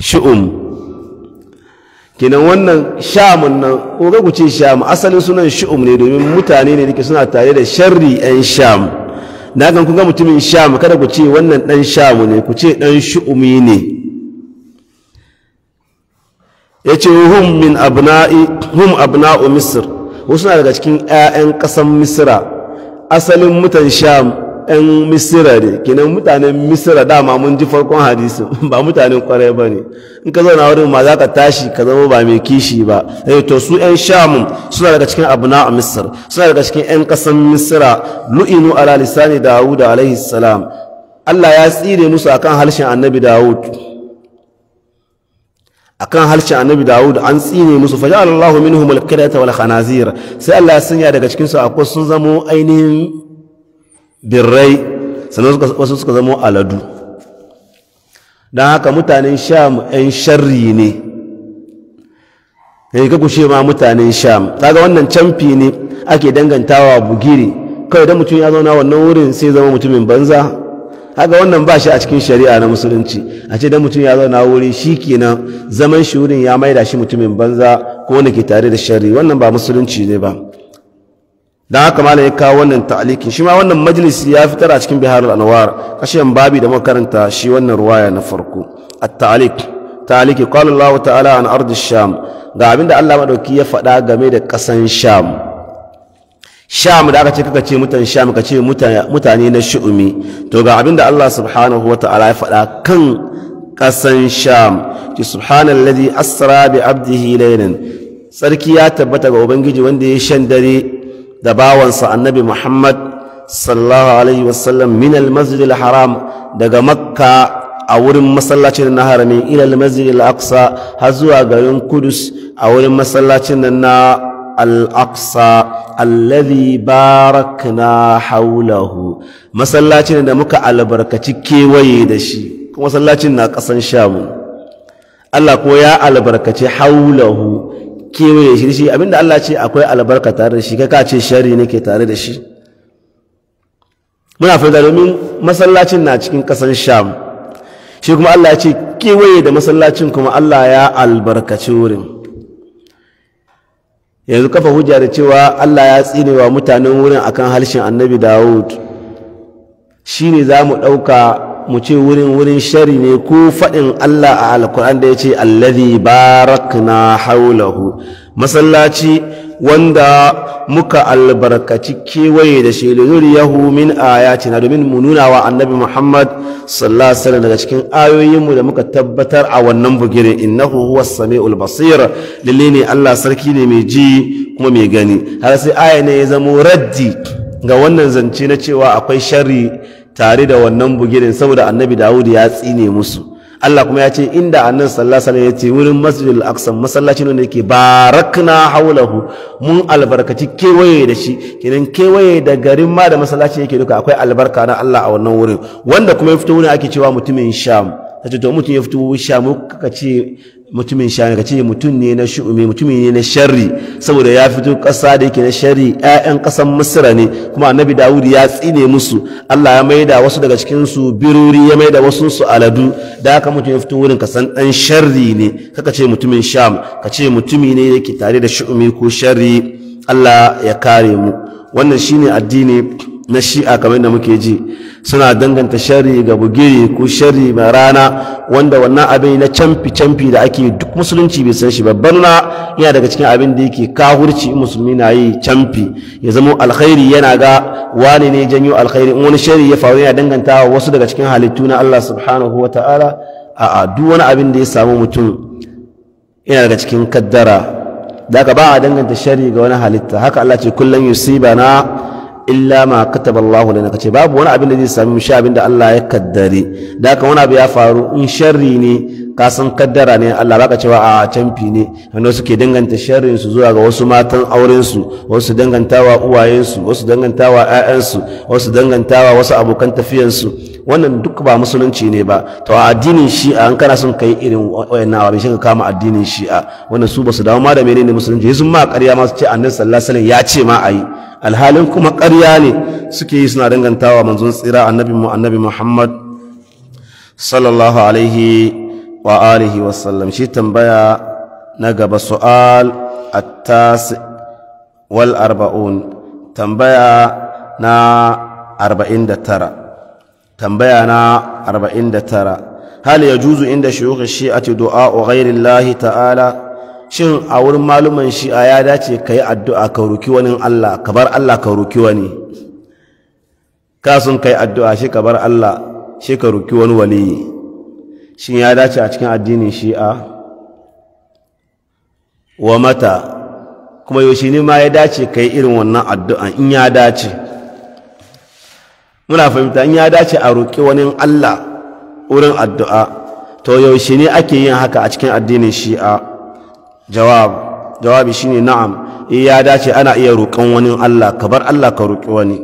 S1: shu'um kenan wannan shamun nan ko ga ce sham asalin sunan shu'um ne domin mutane ne dake suna tare da sharri ɗan sham na kan kun mutumin sham kada ku ce wannan ɗan sham ne ku ce ɗan shu'umi ne yace hum min abna'i hum abna'u misr wasu na daga cikin 'ya'yan ƙasar misra asalin mutan sham ɗan misira ne kenan mutanen misira dama mun ji farkon hadisu ba mutanen kwarai ba ne in ka zauna wurin ma za ka tashi ka zama ba mai kishi ba sai eh, to su yan shamun suna daga cikin na a misir suna daga cikin yan kasan misira lu'inu ala lisani dawud alaihi salam Allah ya tsire musu akan harshen annabi dawud akan harshen annabi dawud an tsine musu fa ja'ala Allahu minhum al-qirdata wal khanazir sai Allah ya sanya daga cikin su akwai sun zamo ainihin birrai sannan wasu suka zama aladu don haka mutanen sham 'yan sharri ne ya yi kushe ma mutanen sham kaga wannan camfi ne ake dangantawa bugiri kawai don mutum ya zauna wannan wurin sai zama mutumin banza haka wannan ba shi a cikin shari'a na musulunci a ce don mutum ya zauna wuri shi kenan zaman shi wurin ya maida shi mutumin banza ko wanda ke tare da shari wannan ba musulunci ne ba da haka ma ya kawo wannan ta'alikin shi ma wannan majalis ya fitar a cikin biharul anwar kashin babi da makaranta shi wannan ruwaya na farko at-ta'alik ta'aliki qala Allah ta'ala an ardi sham ga abinda Allah madauki ya faɗa game da ƙasan sham sham da aka ce kaka ce mutan sham ka ce mutane na shu'umi to ga abinda Allah subhanahu wa ta'ala ya faɗa kan kasan sham ki subhanalladhi asra bi abdihi laylan sarki ya tabbata ga ubangiji wanda ya shan dare da bawansa annabi Muhammad sallallahu alaihi wasallam min al-masjid haram daga makka a wurin masallacin na harami ila al-masjid al-aqsa har zuwa garin kudus a wurin masallacin nan na al-aqsa alladhi barakna hawlahu masallacin da muka albarkaci kewaye da shi kuma masallacin na kasan shamu Allah ko ya albarkaci hawlahu kewaye shi shi abinda Allah ce akwai albarka tare da shi kai ce shari ne ke tare da shi muna fahimta domin masallacin na cikin ƙasar sham shi kuma Allah ya ce kewaye da masallacin kuma Allah ya albarkaci wurin yanzu kafa hujja da cewa Allah ya tsine wa mutanen wurin akan harshen annabi Dawud shi ne za mu ɗauka mu ce wurin wurin shari ne ko faɗin Allah a alkur'an da ya ce alladhi barakna haulahu masallaci wanda muka albarkaci kewaye da shi yahu min na domin mu nuna wa annabi Muhammad sallallahu alaihi daga cikin ayoyinmu da muka tabbatar a wannan bugire innahu huwas samiul basir lalle ne Allah sarki ne mai ji kuma mai gani har sai aya ne ya zamo raddi ga wannan zance na cewa akwai shari tare da wannan bugirin saboda annabi dawud ya tsine musu Allah kuma ya ce inda annan sallallahu ya ce wurin masjidul aqsa masallacin ke? yake na haulahu mun albarkaci kewaye da shi kenan kewaye da garin ma da masallaci yake duka akwai albarka na Allah a wannan wurin wanda kuma ya fito wurin ake cewa mutumin sham ta ce to mutum ya fito sham kaka ce mutumin shani ka ce mutum ne na shu'umi mutumi ne na sharri saboda ya fito kasa da yake na sharri 'ya'yan ƙasan misra ne kuma annabi dawud ya tsine musu allah ya maida wasu daga cikin su biruri ya maida wasu su aladu da aka mutum ya fito wurin kasan ɗan sharri ne kaka ce mutumin sham ka ce mutumi ne yake tare da shu'umi ko sharri allah ya kare mu wannan shine addini na shi'a kamar da muke ji suna danganta shari ga bugiri ko shari mai rana wanda wannan abin na camfi camfi da ake duk musulunci bai san shi babban na yana daga cikin abin da yake kahurci musulmi na yi camfi ya zama alkhairi yana ga wani ne janyo alkhairi in wani shari ya faru yana danganta wasu daga cikin halittu na Allah subhanahu wa ta'ala a'a duk wani abin da ya samu mutum yana daga cikin kaddara da ka ba a danganta shari ga wani halitta haka Allah ce kullum yusiba na illa ma kataba ka lana kace babu wani abin da zai sami sha abin da Allah ya kaddare da haka wani abu ya faru in sharri ne ka san kaddara ne Allah baka cewa a canfi ne wanda suke danganta sharrin su zuwa ga wasu matan auren su wasu dangantawa uwayen su wasu dangantawa ƴaƴan su wasu dangantawa wasu abokan tafiyan su wannan duk ba musulunci ne ba to addinin shi'a an kana son kai irin wayannan abu shi ka kama addinin shi'a wannan su basu dawo ma da menene musulunci yanzu ma ƙarya ma su ce annabi sallallahu alaihi wasallam ya ce ma ayi alhalin kuma ƙarya ne suke yi suna dangantawa manzon tsira annabi mu annabi Muhammad sallallahu alaihi wa alihi wa sallam shi tambaya na gaba su'al at-tas wal arba'un tambaya na 49 tambaya na 49 hal yajuzu inda shuyukh shi'ati du'a ghairi Allah ta'ala shin a wurin maluman shi'a ya dace kai addu'a ka ruki wani Allah ka bar Allah ka ruki wani ka sun kai addu'a shi ka bar Allah shi ka ruki wani waliyi shin ya dace a cikin addinin shi'a wa mata kuma yaushe ne ma ya dace ka yi irin wannan addu'a? in ya dace muna fahimta in ya dace a roƙi wani Allah wurin addu'a to yaushe ne ake yin haka a cikin addinin shi'a jawab jawabi shine na'am in ya dace ana iya roƙon wani Allah ka bar Allah ka roƙi wani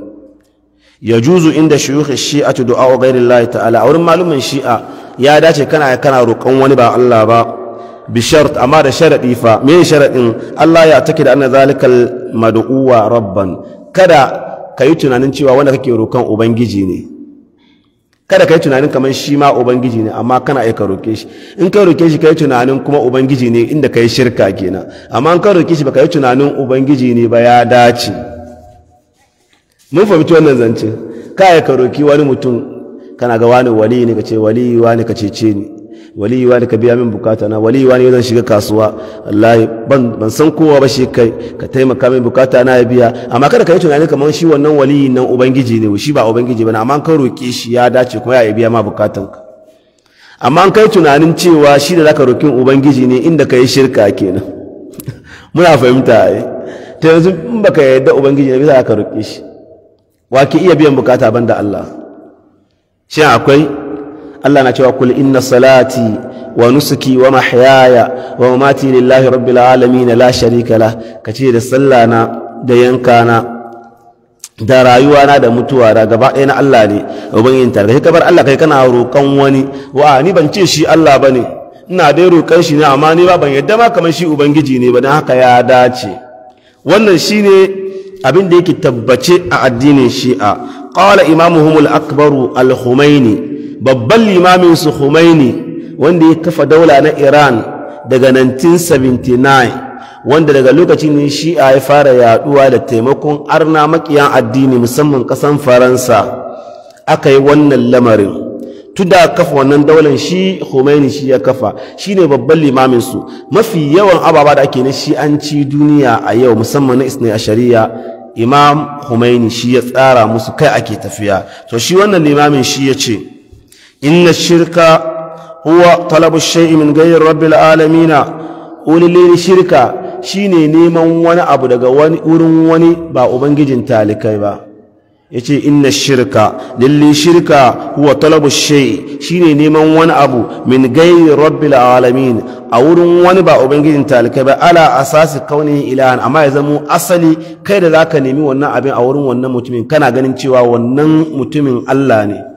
S1: yajuzu inda shuyukh shi'a du'a ghayrillahi ta'ala a wurin malumin shi'a ya dace kana kana roƙon wani ba Allah ba bishart amma da sharaɗi fa me sharaɗin Allah ya take da anna zalikal mad'uwa rabban kada ka yi tunanin cewa wanda kake roƙon ubangiji ne kada ka yi tunanin kamar shi ma ubangiji ne amma kana aika roƙe shi in ka roƙe shi ka yi tunanin kuma ubangiji ne inda ka yi shirka kenan amma in ka roƙe shi ba ka yi tunanin ubangiji ne ba ya dace mun fahimci wannan zance ka aika roƙi wani mutum kana ga wani wali ne ka ce wali wani ka cece ni waliyi wani ka biya min bukata na waliyi wani zan shiga kasuwa wallahi ban san kowa ba shi kai ka taimaka min bukata na ya biya amma kada ka yi tunani kamar shi wannan waliyi nan ubangiji ne shi ba ubangiji bane amma ka roke shi ya dace kuma ya biya ma ka. amma an kai tunanin cewa shi da zaka roƙin ubangiji ne inda ka yi shirka kenan muna fahimta ai ta yanzu in baka yarda ubangiji ne bisa ka roke shi wa ke iya biyan bukata banda Allah shin akwai Allah na cewa kul inna salati wa nusuki wa mahyaya wa mamati lillahi rabbil alamin la sharika la kace da sallah na da yanka na da rayuwa na da mutuwa da gaba ɗaya na Allah ne ubangin kai kabar Allah kai kana roƙon wani wa ni ban ce shi Allah bane ina dai roƙon shi ne amma ni ba ban yadda ma kamar shi ubangiji ne ba dan haka ya dace wannan shine abin da yake tabbace a addinin shi'a qala imamuhumul akbaru al-humaini babban limamin su Khomeini wanda ya kafa daula na Iran daga 1979 wanda daga lokacin ne shi'a ya fara yaduwa da taimakon arna makiyan addini musamman kasan Faransa aka yi wannan lamarin tuda kafa wannan daular shi Khomeini shi ya kafa shine babban limamin su mafi yawan ababa da ake na shi'anci duniya a yau musamman na Isnai Ashariya Imam Khomeini shi ya tsara musu kai ake tafiya to shi wannan limamin shi ya ce إن الشرك هو طلب الشيء من غير رب العالمين وللين شركة shine neman wani abu daga wurin wani ba ubangijin talikai ba yace inna shirka lilli shirka huwa talabu shay shine neman wani abu min ghairi rabbil alamin a wurin wani ba ubangijin talikai ba ala asasi kauni ilahan amma ya zamo asali kai da zaka nemi wannan abin a wurin wannan mutumin kana ganin cewa wannan mutumin Allah ne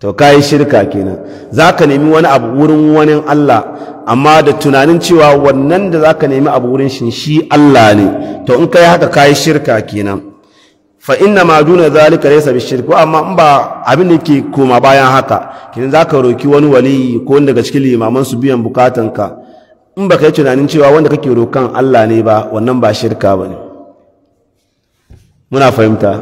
S1: to ka yi shirka kenan za ka nemi wani abu wurin wani Allah amma da tunanin cewa wannan da za ka nemi abu wurin shi shi Allah ne to in ka yi haka ka yi shirka kenan fa inna ma duna zalika laysa shirku amma in ba abin da ke koma bayan haka kenan za ka roki wani wali ko wanda daga cikin limaman su biyan bukatanka in ka yi tunanin cewa wanda kake rokan Allah ne ba wannan ba shirka bane muna fahimta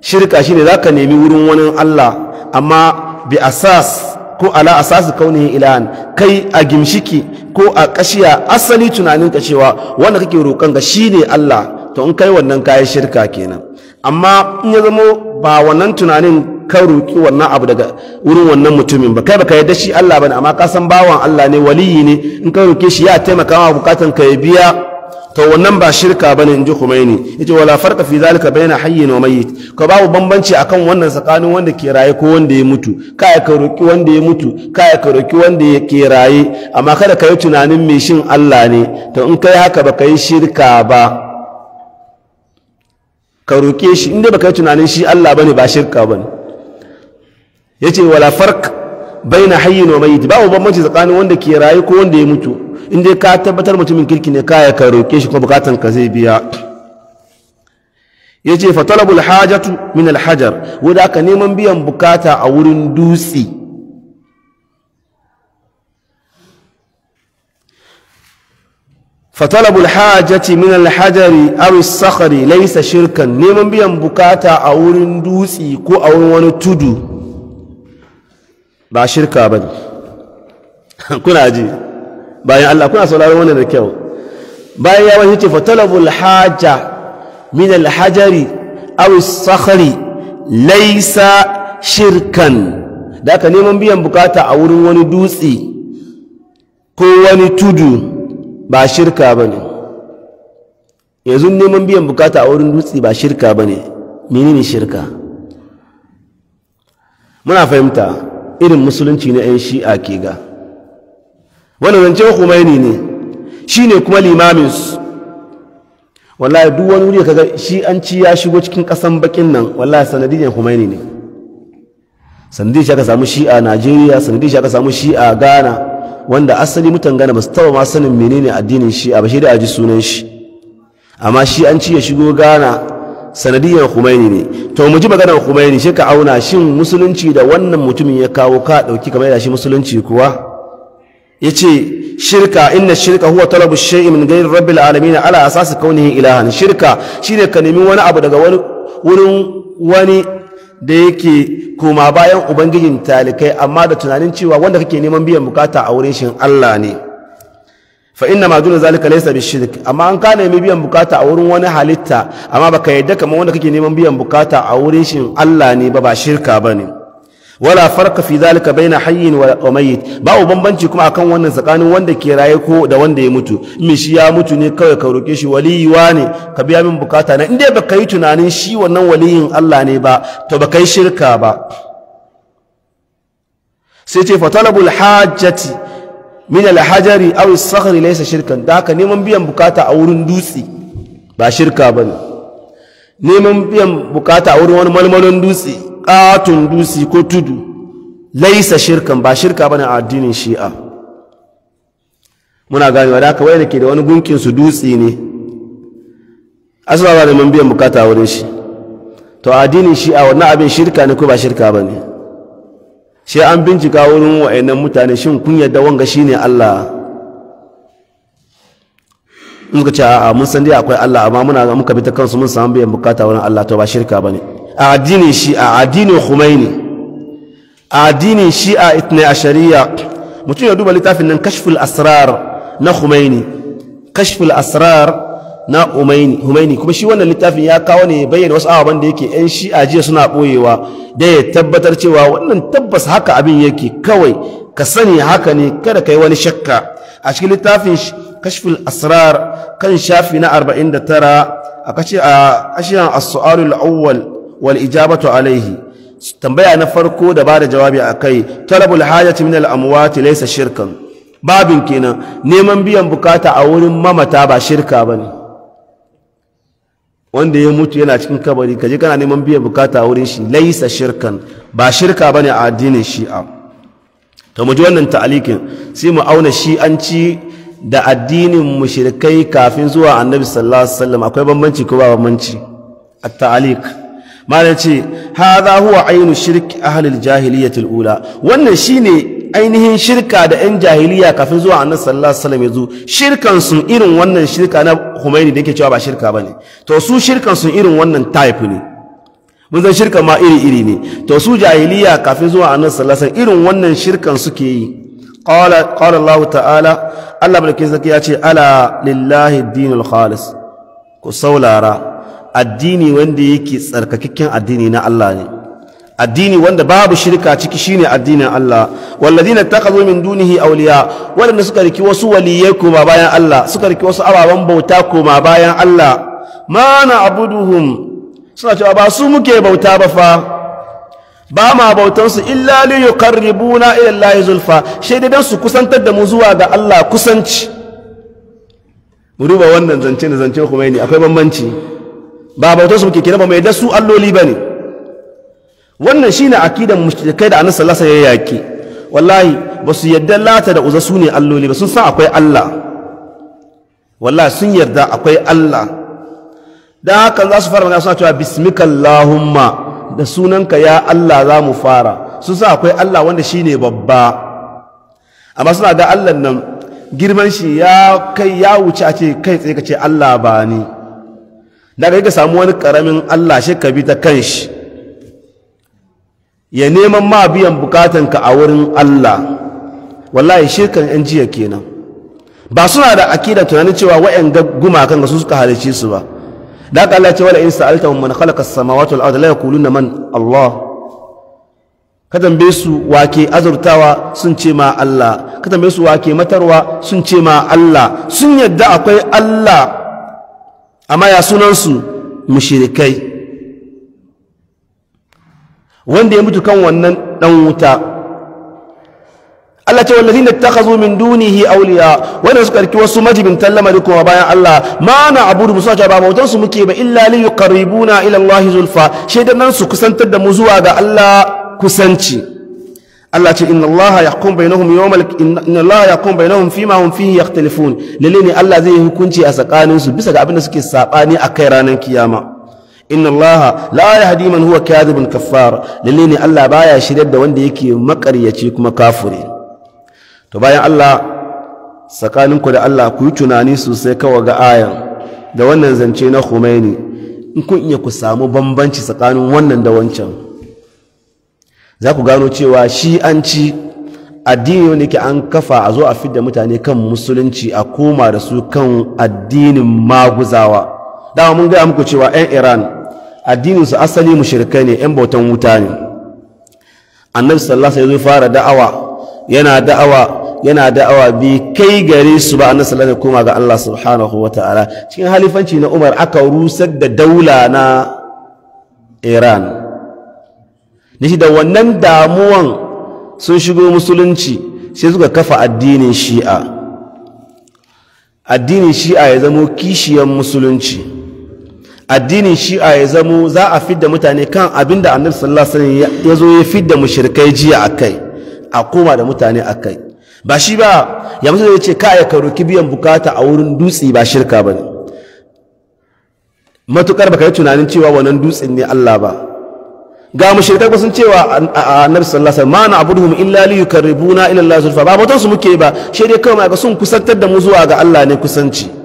S1: shirka shine zaka nemi wurin wani Allah amma bi asas ko ala asasi kauni ilahan kai a gimshiki ko a kashiya asali tunaninka cewa wanda kake roƙon ga shine Allah to in kai wannan kayan shirka kenan amma in ya zama ba wannan tunanin ka roƙi wannan abu daga wurin wannan mutumin ba kai baka yarda shi Allah bane amma ka san bawan Allah ne waliyi ne in ka roƙe shi ya taimaka ma bukatan ka ya biya to wannan ba shirka bane inji Khomeini yace wala farqa fi zalika baina hayyin wa mayyit ka babu bambanci akan wannan tsakanin wanda ke raye ko wanda ya mutu kai ka roki wanda ya mutu kai ka roki wanda ya ke raye amma kada ka yi tunanin me shin Allah ne to in kai haka baka yi shirka ba ka roke shi inda baka tunanin shi Allah bane ba shirka bane yace wala farka. baina hayyin wa mayyit wa bambanci tsakanin wanda ke rayu ko wanda ya mutu in dai ka tabbatar mutumin kirki ne kaya ka roke shi kuma bukatan ka zai biya yace fa talabul hajatu min alhajar hajar wanda aka neman biyan bukata a wurin dutse fatalabul hajati min alhajari aw sakari laisa shirkan neman biyan bukata a wurin dutse ko a wani tudu ba shirka ba ne kuna ji bayan Allah kuna sauraron wannan da kyau bayan ya wani ce fatalabul hajja min alhajari aw sakhri laysa shirkan da aka neman biyan bukata a wurin wani dutse ko wani tudu ba shirka ba ne yanzu neman biyan bukata a wurin dutse ba shirka ba ne menene shirka muna fahimta irin musulunci na 'yan shi'a ke ga wani zance humaini ne shi ne kuma limaminsu wallahi duk wani wuri kaga shi'anci ya shigo cikin ƙasan bakin nan wallahi ya humaini ne sanadiyyar shi aka samu shi'a najeriya sanadiyyar shi aka samu shi'a ghana wanda asali mutan gana ba su taba ma sanin menene addinin shi'a ba shi da aji sunan shi amma shi'anci ya shigo ghana sanadiyar khumaini ne to mu ji maganar Al-Khumaini shi ka auna shin musulunci da wannan mutumin ya kawo ka dauki kamar da shi musulunci kuwa yace shirka inna shirka huwa talabu shay'in min ghayri rabbil alamin ala asasi kaunihi ilahan shirka shine ka nemi wani abu daga wani wurin wani da yake koma bayan ubangijin talikai amma da tunanin cewa wanda kake neman biyan bukata a wurin shin Allah ne fa inna ma duna zalika laysa bishirk amma an ka nemi biyan bukata a wurin wani halitta amma baka yadda kamar wanda kake neman biyan bukata a wurin shin Allah ne ba ba shirka bane wala farka fi zalika baina hayyin wa mayyit babu bambanci kuma akan wannan tsakanin wanda ke raye ko da wanda ya mutu me shi ya mutu ne kawai ka roke shi waliyuwa ne ka biya min bukata na inda baka yi tunanin shi wannan waliyin Allah ne ba to baka yi shirka ba sai ce fa fatalabul hajjati min alhajari aw as-sakhri laysa shirkan da haka neman biyan bukata a wurin dutse ba shirka bane neman biyan bukata a wurin wani malmalon dutse katun dutse ko tudu laysa shirkan ba shirka bane a addinin shi'a muna ganewa da haka wai da ke da wani gunkin su dutse ne asaba ba neman biyan bukata a wurin shi to addinin shi'a wannan abin shirka ne ko ba shirka bane shi an bincika wurin wa'annan mutane shin kun yadda wanga shi ne Allah in suka ce a'a mun san dai akwai Allah amma muna muka bi ta kansu mun samu biyan bukata wurin Allah to ba shirka ba ne. a addinin shi'a addinin Khumaini, a addinin shi'a a ashariya mutum ya duba littafin nan kashful asrar na Khumaini kashful asrar na humaini kuma shi wannan littafin ya kawo ne bayyana wasu ababen da yake yan shi'a jiya suna ɓoyewa da ya tabbatar cewa wannan tabbas haka abin yake kawai ka sani haka ne kada ka yi wani shakka a cikin littafin kashful asrar kan shafi na 49 a kace a ashiyan as-su'alul awwal wal ijabatu alayhi tambaya na farko da bada jawabi akai talabul hajati min al-amwat laysa shirkan babin kenan neman biyan bukata a wurin mamata ba shirka bane wanda ya mutu yana cikin kabari kaje kana neman biyan bukata wurin shi laisa shirkan ba shirka ba ne a addinin shi'a to muji wannan ta'alikin sai mu auna shi'anci da addinin mushrikai kafin zuwa annabi sallallahu alaihi wasallam akwai bambanci ko ba bambanci at-ta'aliq malan ce hadha huwa aynu shirki ahli al-jahiliyyah al-ula wannan shine ainihin shirka da 'yan jahiliya kafin zuwa annan sallallahu alaihi wasallam yazo shirkan sun irin wannan shirka na Humaini da yake cewa ba shirka bane to su shirkan sun irin wannan type ne mun san shirka ma iri iri ne to su jahiliya kafin zuwa annan sallallahu alaihi wasallam irin wannan shirkan suke yi qala qala Allah ta'ala Allah barke zaki ya ce ala lillahi dinul khalis ku saulara addini wanda yake tsarkakakken addini na Allah ne addini wanda babu shirka ciki shine addinin Allah walladina takazu min dunihi awliya wanda suka riki wasu waliyai ma bayan Allah suka riki wasu ababen bauta ma bayan Allah ma na abuduhum suna cewa ba su muke bauta ba fa ba ma bautan su illa li yuqarribuna ila Allah zulfa shaida dan su kusantar da mu zuwa ga Allah kusanci mu duba wannan zance da kuma ne akwai bambanci ba bautan su muke kira ba mai da su alloli bane wannan shine akidan mushrikai da annabi sallallahu alaihi ya yaki wallahi ba su yadda lata da uza sune alloli ba sun san akwai Allah wallahi sun yarda akwai Allah da haka za su fara magana suna cewa bismikallahumma da sunanka ya Allah za mu fara sun san akwai Allah wanda shine babba amma suna ga Allah nan girman shi ya kai ya wuce a ce kai tsaye ka ce Allah ba ni daga ka samu wani karamin Allah shi ka bi ta kan shi. ya neman ma biyan ka a wurin Allah wallahi shirkan yan jiya kenan ba suna da akida tunanin cewa wa'yan gumakan su suka halice su ba da aka Allah ce wala in sa'alta man khalaqa as-samawati wal ardi la yaquluna man Allah ka tambaye su wake azurtawa sun ce ma Allah ka tambaye su wake matarwa sun ce ma Allah sun yadda akwai Allah amma ya sunan su mushrikai wanda ya mutu kan wannan dan wuta Allah ce wallazi na ta kazo min dunihi auliya wanda suka riki wasu majibintan lamari kuma bayan Allah ma na abudu musu ce ba bautan su muke ba illa li yuqarribuna ila Allah zulfa shaidan nan su kusantar da mu zuwa ga Allah kusanci Allah ce inna Allah yahkum bainahum yawmal inna Allah yahkum bainahum fima hum fihi yakhtalifun lalle ne Allah zai hukunci a tsakanin su bisa ga abin da suke sabani kai ranar kiyama inna allaha la yahdi man huwa kadhibun kaffar lalle ne Allah baya shiryar da wanda yake makaryaci kuma kafuri to bayan Allah tsakaninku da Allah ku yi tunani sosai kawai ga ayan da wannan zance na Khomeini in kun iya ku samu bambanci tsakanin wannan da wancan za ku gano cewa shi an ci addini wanda yake an kafa a zo a fidda mutane kan musulunci a koma da su kan addinin maguzawa dama mun gaya muku cewa 'yan iran Addinin su asali mushrikai ne yan bautan wuta ne annabi sallallahu alaihi wasallam fara da'awa yana da'awa yana da'awa bi kai gare su ba annabi sallallahu alaihi koma ga Allah subhanahu wataala cikin halifanci na Umar aka rusar da daula na Iran nishi da wannan damuwan sun shigo musulunci sai suka kafa addinin shi'a addinin shi'a ya zamo kishiyan musulunci addinin shi'a ya zamo za a fidda mutane kan abin da annabi sallallahu alaihi wasallam ya zo ya fidda mushrikai jiya akai a koma da mutane akai ba shi ba ya musu ya ce ka ya karoki biyan bukata a wurin dutse ba shirka bane matukar baka yi tunanin cewa wannan dutsen ne Allah ba ga mushrikai sun cewa annabi sallallahu alaihi wasallam ma na'buduhum illa li yukarribuna ila Allah zulfa ba mutum su muke ba shi dai kawai ga sun kusantar da mu zuwa ga Allah ne kusanci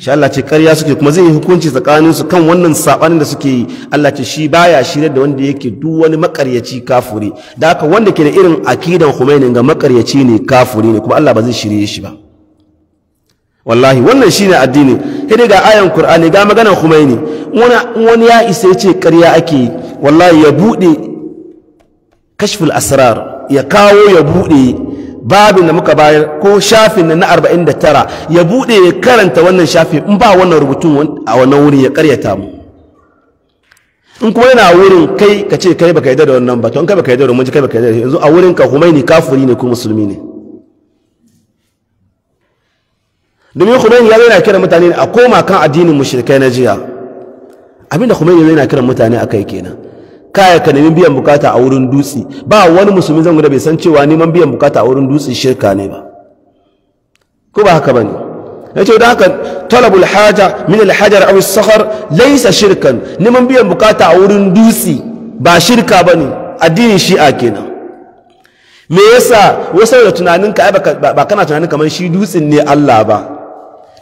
S1: shi Allah ce ƙarya suke kuma zai yi hukunci tsakanin su kan wannan sabanin da suke yi Allah ce shi baya shirye da wanda yake duk wani makaryaci kafuri da haka wanda ke da irin akidan Khomeini ga makaryaci ne kafuri ne kuma Allah ba zai shirye shi ba wallahi wannan shine addini hidi ga ayan Qur'ani ga maganar Khomeini wani wani ya isa ya ce karya ake wallahi ya bude kashful asrar ya kawo ya bude babin da muka bayar ko shafin na 49 ya bude ya karanta wannan shafi. in ba wannan rubutun a wannan wurin ya karyata mu in kuma yana wurin kai ka ce kai baka yadda da wannan ba to in kai baka yadda da muji kai baka yarda yanzu a wurin ka Humaini kafiri ne ko musulmi ne domin Humaini ya yana kira mutane a koma kan addinin mushrikai na jiya abinda Humaini yana kira mutane a kai kenan kaya ka nemi biyan bukata a wurin dutse ba wani musulmi zan da bai san cewa neman biyan bukata a wurin dutse shirka ne ba ko ba haka bane ce da haka talabul haja min alhajar Awi aw as-sakhar laysa shirkan neman biyan bukata a wurin dutse ba shirka bane addinin shi'a kenan me yasa wasu da tunanin ka ba kana tunanin kamar shi dutsen ne Allah ba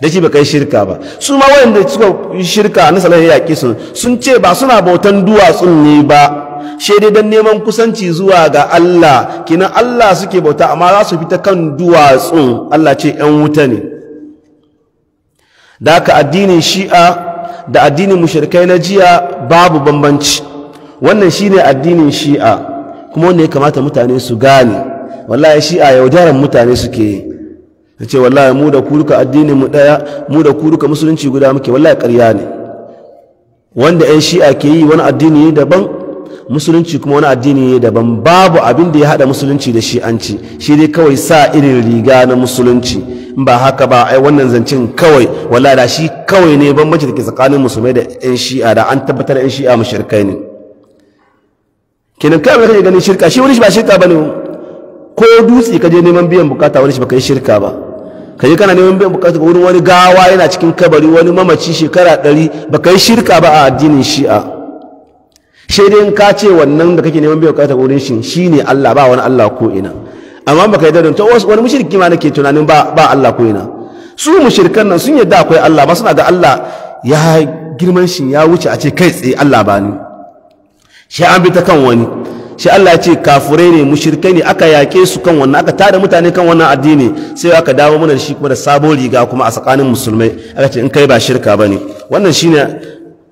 S1: da shi ba kai shirka ba su ma wanda suka yi shirka na ya yaƙi su sun ce ba suna bautan duwatsun ne ba shaidai don neman kusanci zuwa ga Allah kina Allah suke bauta amma za su fita kan duwatsun Allah ce ‘yan wuta ne da aka addinin shi'a da addinin mushirkai na jiya babu bambanci wannan shi ne addinin shi'a kuma wanda ya kamata mutane su gane wallahi shi'a yaudarar mutane suke yi da ce wallahi mu da kuruka addini mu daya mu da kuruka musulunci guda muke wallahi ƙarya ne wanda yan shi'a ke yi wani addini ne daban musulunci kuma wani addini ne daban babu abin da ya haɗa musulunci da shi'anci shi dai kawai sa irin riga na musulunci in ba haka ba ai wannan zancen kawai wallahi da shi kawai ne bambanci da ke tsakanin musulmai da yan shi'a da an tabbatar yan shi'a mushrikai ne kenan kai ka ganin shirka shi wani shi ba shirka bane ko dutse ka je neman biyan bukata wani shi baka yi shirka ba kaje kana neman biyan bukatar wurin wani gawa yana cikin kabari wani mamaci shekara ɗari ba ka yi shirka ba a addinin shi'a shi dai ka ce wannan da kake neman biyan bukatar wurin shi shine Allah ba wani Allah ko ina amma ka yi don ta wani mushirki ma nake tunanin ba ba Allah ko ina su mushirkan nan sun yarda akwai Allah ba suna ga Allah ya girman shi ya wuce a ce kai tsaye Allah ba ni shi an bi ta kan wani shi Allah ya ce kafurai ne mushrikai ne aka yake su kan wannan aka tada mutane kan wannan addini sai aka dawo mana da shi kuma da sabon riga kuma a tsakanin musulmai aka ce in kai ba shirka bane wannan shine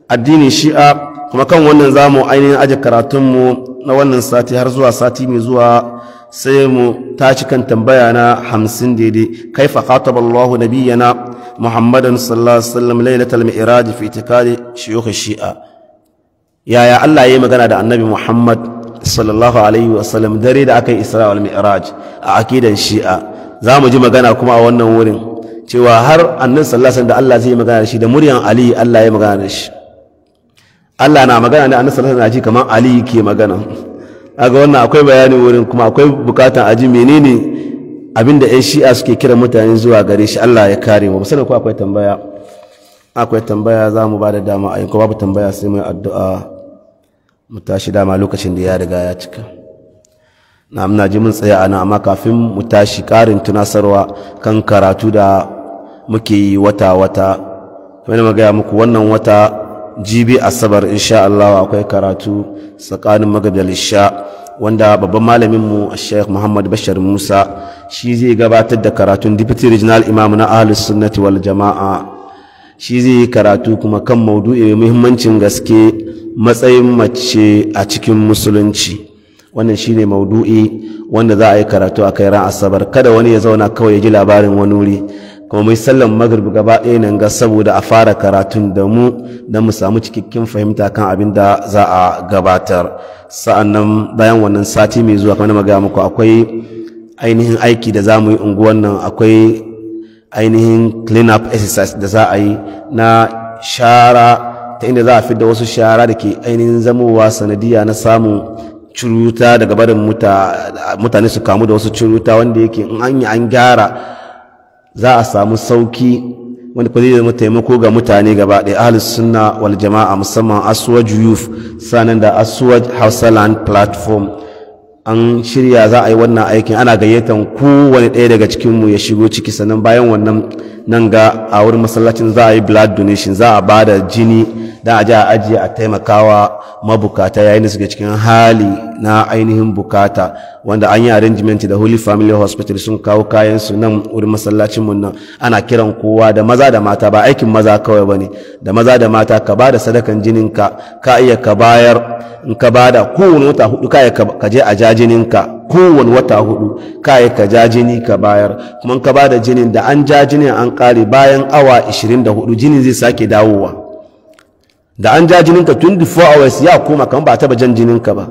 S1: addinin shi'a kuma kan wannan zamu ainihin aje karatunmu na wannan sati har zuwa sati mai zuwa sai mu tashi kan tambaya na hamsin daidai fa khataba Allah nabiyana Muhammadan sallallahu alaihi wasallam lailatul mi'raj fi itikadi shuyukh shi'a yaya Allah ya yi magana da annabi Muhammad sallallahu alaihi wasallam dare da aka yi isra wal mi'raj a akidan shi'a za mu ji magana kuma a wannan wurin cewa har sallallahu alaihi da Allah zai yi magana da shi da muryan Ali Allah ya magana da shi Allah na magana ne annan sallallahu na ji kamar Ali ke magana kaga wannan akwai bayani wurin kuma akwai bukatan aji menene abinda yan shi'a suke kiran mutane zuwa gare shi Allah ya kare mu sanin ko akwai tambaya akwai tambaya za mu ba da dama a ko babu tambaya sai mai addu'a mu tashi dama lokacin da ya riga ya cika na amna ji mun tsaya ana amma kafin mu tashi karin tunasarwa kan karatu da muke yi wata wata kamar magaya muku wannan wata jibi asabar insha Allah akwai karatu tsakanin magabdal isha wanda babban malamin mu Sheikh Muhammad Bashir Musa shi zai gabatar da karatun Deputy Regional Imam na Ahlus Sunnati wal Jama'a shi zai karatu kuma kan maudu'i mai muhimmancin gaske matsayin mace a cikin musulunci wannan shine maudu'i wanda za a yi karatu a kai ran asabar kada wani ya zauna kawai ya ji labarin wani wuri kuma mai sallan magrib gaba ɗaya nan ga saboda a fara karatun da mu don mu samu cikakken fahimta kan abin da za a gabatar sa'annan bayan wannan sati mai zuwa kamar magana muku akwai ainihin aiki da za mu yi unguwan nan akwai ainihin clean up exercise da za a yi na shara ta inda za a fidda wasu shara da ke ainihin zamowa sanadiyya na samun curuta daga barin mutane su kamu da wasu curuta wanda yake in an yi an gyara za a samu sauki wanda kwa zai taimako ga mutane gaba ɗaya ahli sunna wal jama'a musamman aswaj youth sanan da aswaj hausaland platform an shirya za a yi wannan aikin ana ku kowane ɗaya daga cikinmu ya shigo ciki sannan bayan wannan nan ga a wurin masallacin za a yi blood donation za a ba da jini da a ja a ajiye a taimakawa mabukata yayin da suke cikin hali na ainihin bukata wanda an yi arrangement da Holy Family Hospital sun kawo kayan su nan wurin masallacin mun nan ana kiran kowa da maza da mata ba aikin maza kawai bane da maza da mata ka ba da sadakan jininka ka iya ka bayar in ka bada kowane wata hudu ka ka je a ja jininka kowane wata hudu ka ka ja jini ka bayar kuma in ka da jinin da an ja jinin an kare bayan awa 24 jinin zai sake dawowa da an ja jininka 24 hours ya koma kan ba taba jan jininka ba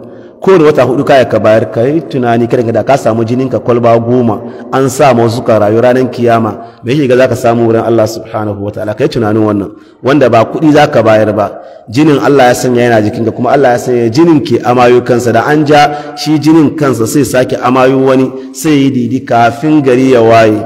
S1: da wata hudu kaya ka bayar kai tunani kada da ka samu jininka kwalba goma an sa ma wasu rayu ranar kiyama me yake ga zaka samu wurin Allah subhanahu wataala kai tunanin wannan wanda ba kuɗi zaka bayar ba jinin Allah ya sanya yana jikinka kuma Allah ya sanya jinin ke amayo kansa da an ja shi jinin kansa sai sake amayo wani sai yi didi kafin gari ya waye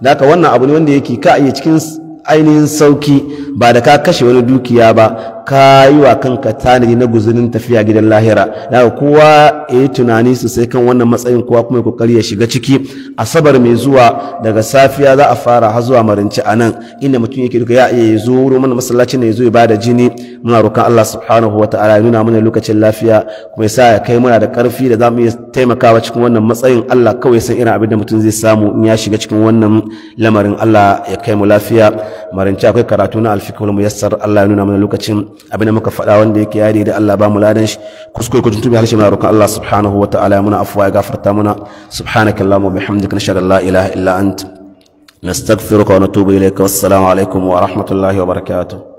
S1: da haka wannan abu ne wanda yake ka iya cikin ainihin sauki ba da ka kashe wani dukiya ba ka yi wa kanka tanadi na guzurin tafiya gidan lahira da kowa ya yi tunani sosai kan wannan matsayin kowa kuma kokari ya shiga ciki asabar mai zuwa daga safiya za a fara har zuwa marinci a nan inda mutum yake duka ya iya zo wurin mana masallaci ne ya zo ya bada jini muna roƙon Allah subhanahu wa ta'ala ya nuna mana lokacin lafiya kuma ya sa ya kai muna da ƙarfi da za mu iya taimakawa cikin wannan matsayin Allah kawai san irin abin da mutum zai samu in ya shiga cikin wannan lamarin Allah ya kai mu lafiya marinci akwai karatu na alfikul muyassar Allah ya nuna mana lokacin abin da muka faɗa wanda yake yare da Allah ba mu ladan shi kuskure ku tuntube harshe muna roƙon Allah subhanahu wa ta'ala muna afwa ya gafarta muna subhanaka allahumma wa bihamdika nashhadu an la ilaha illa ant nastaghfiruka wa natubu ilayka wassalamu alaikum wa rahmatullahi wa barakatuh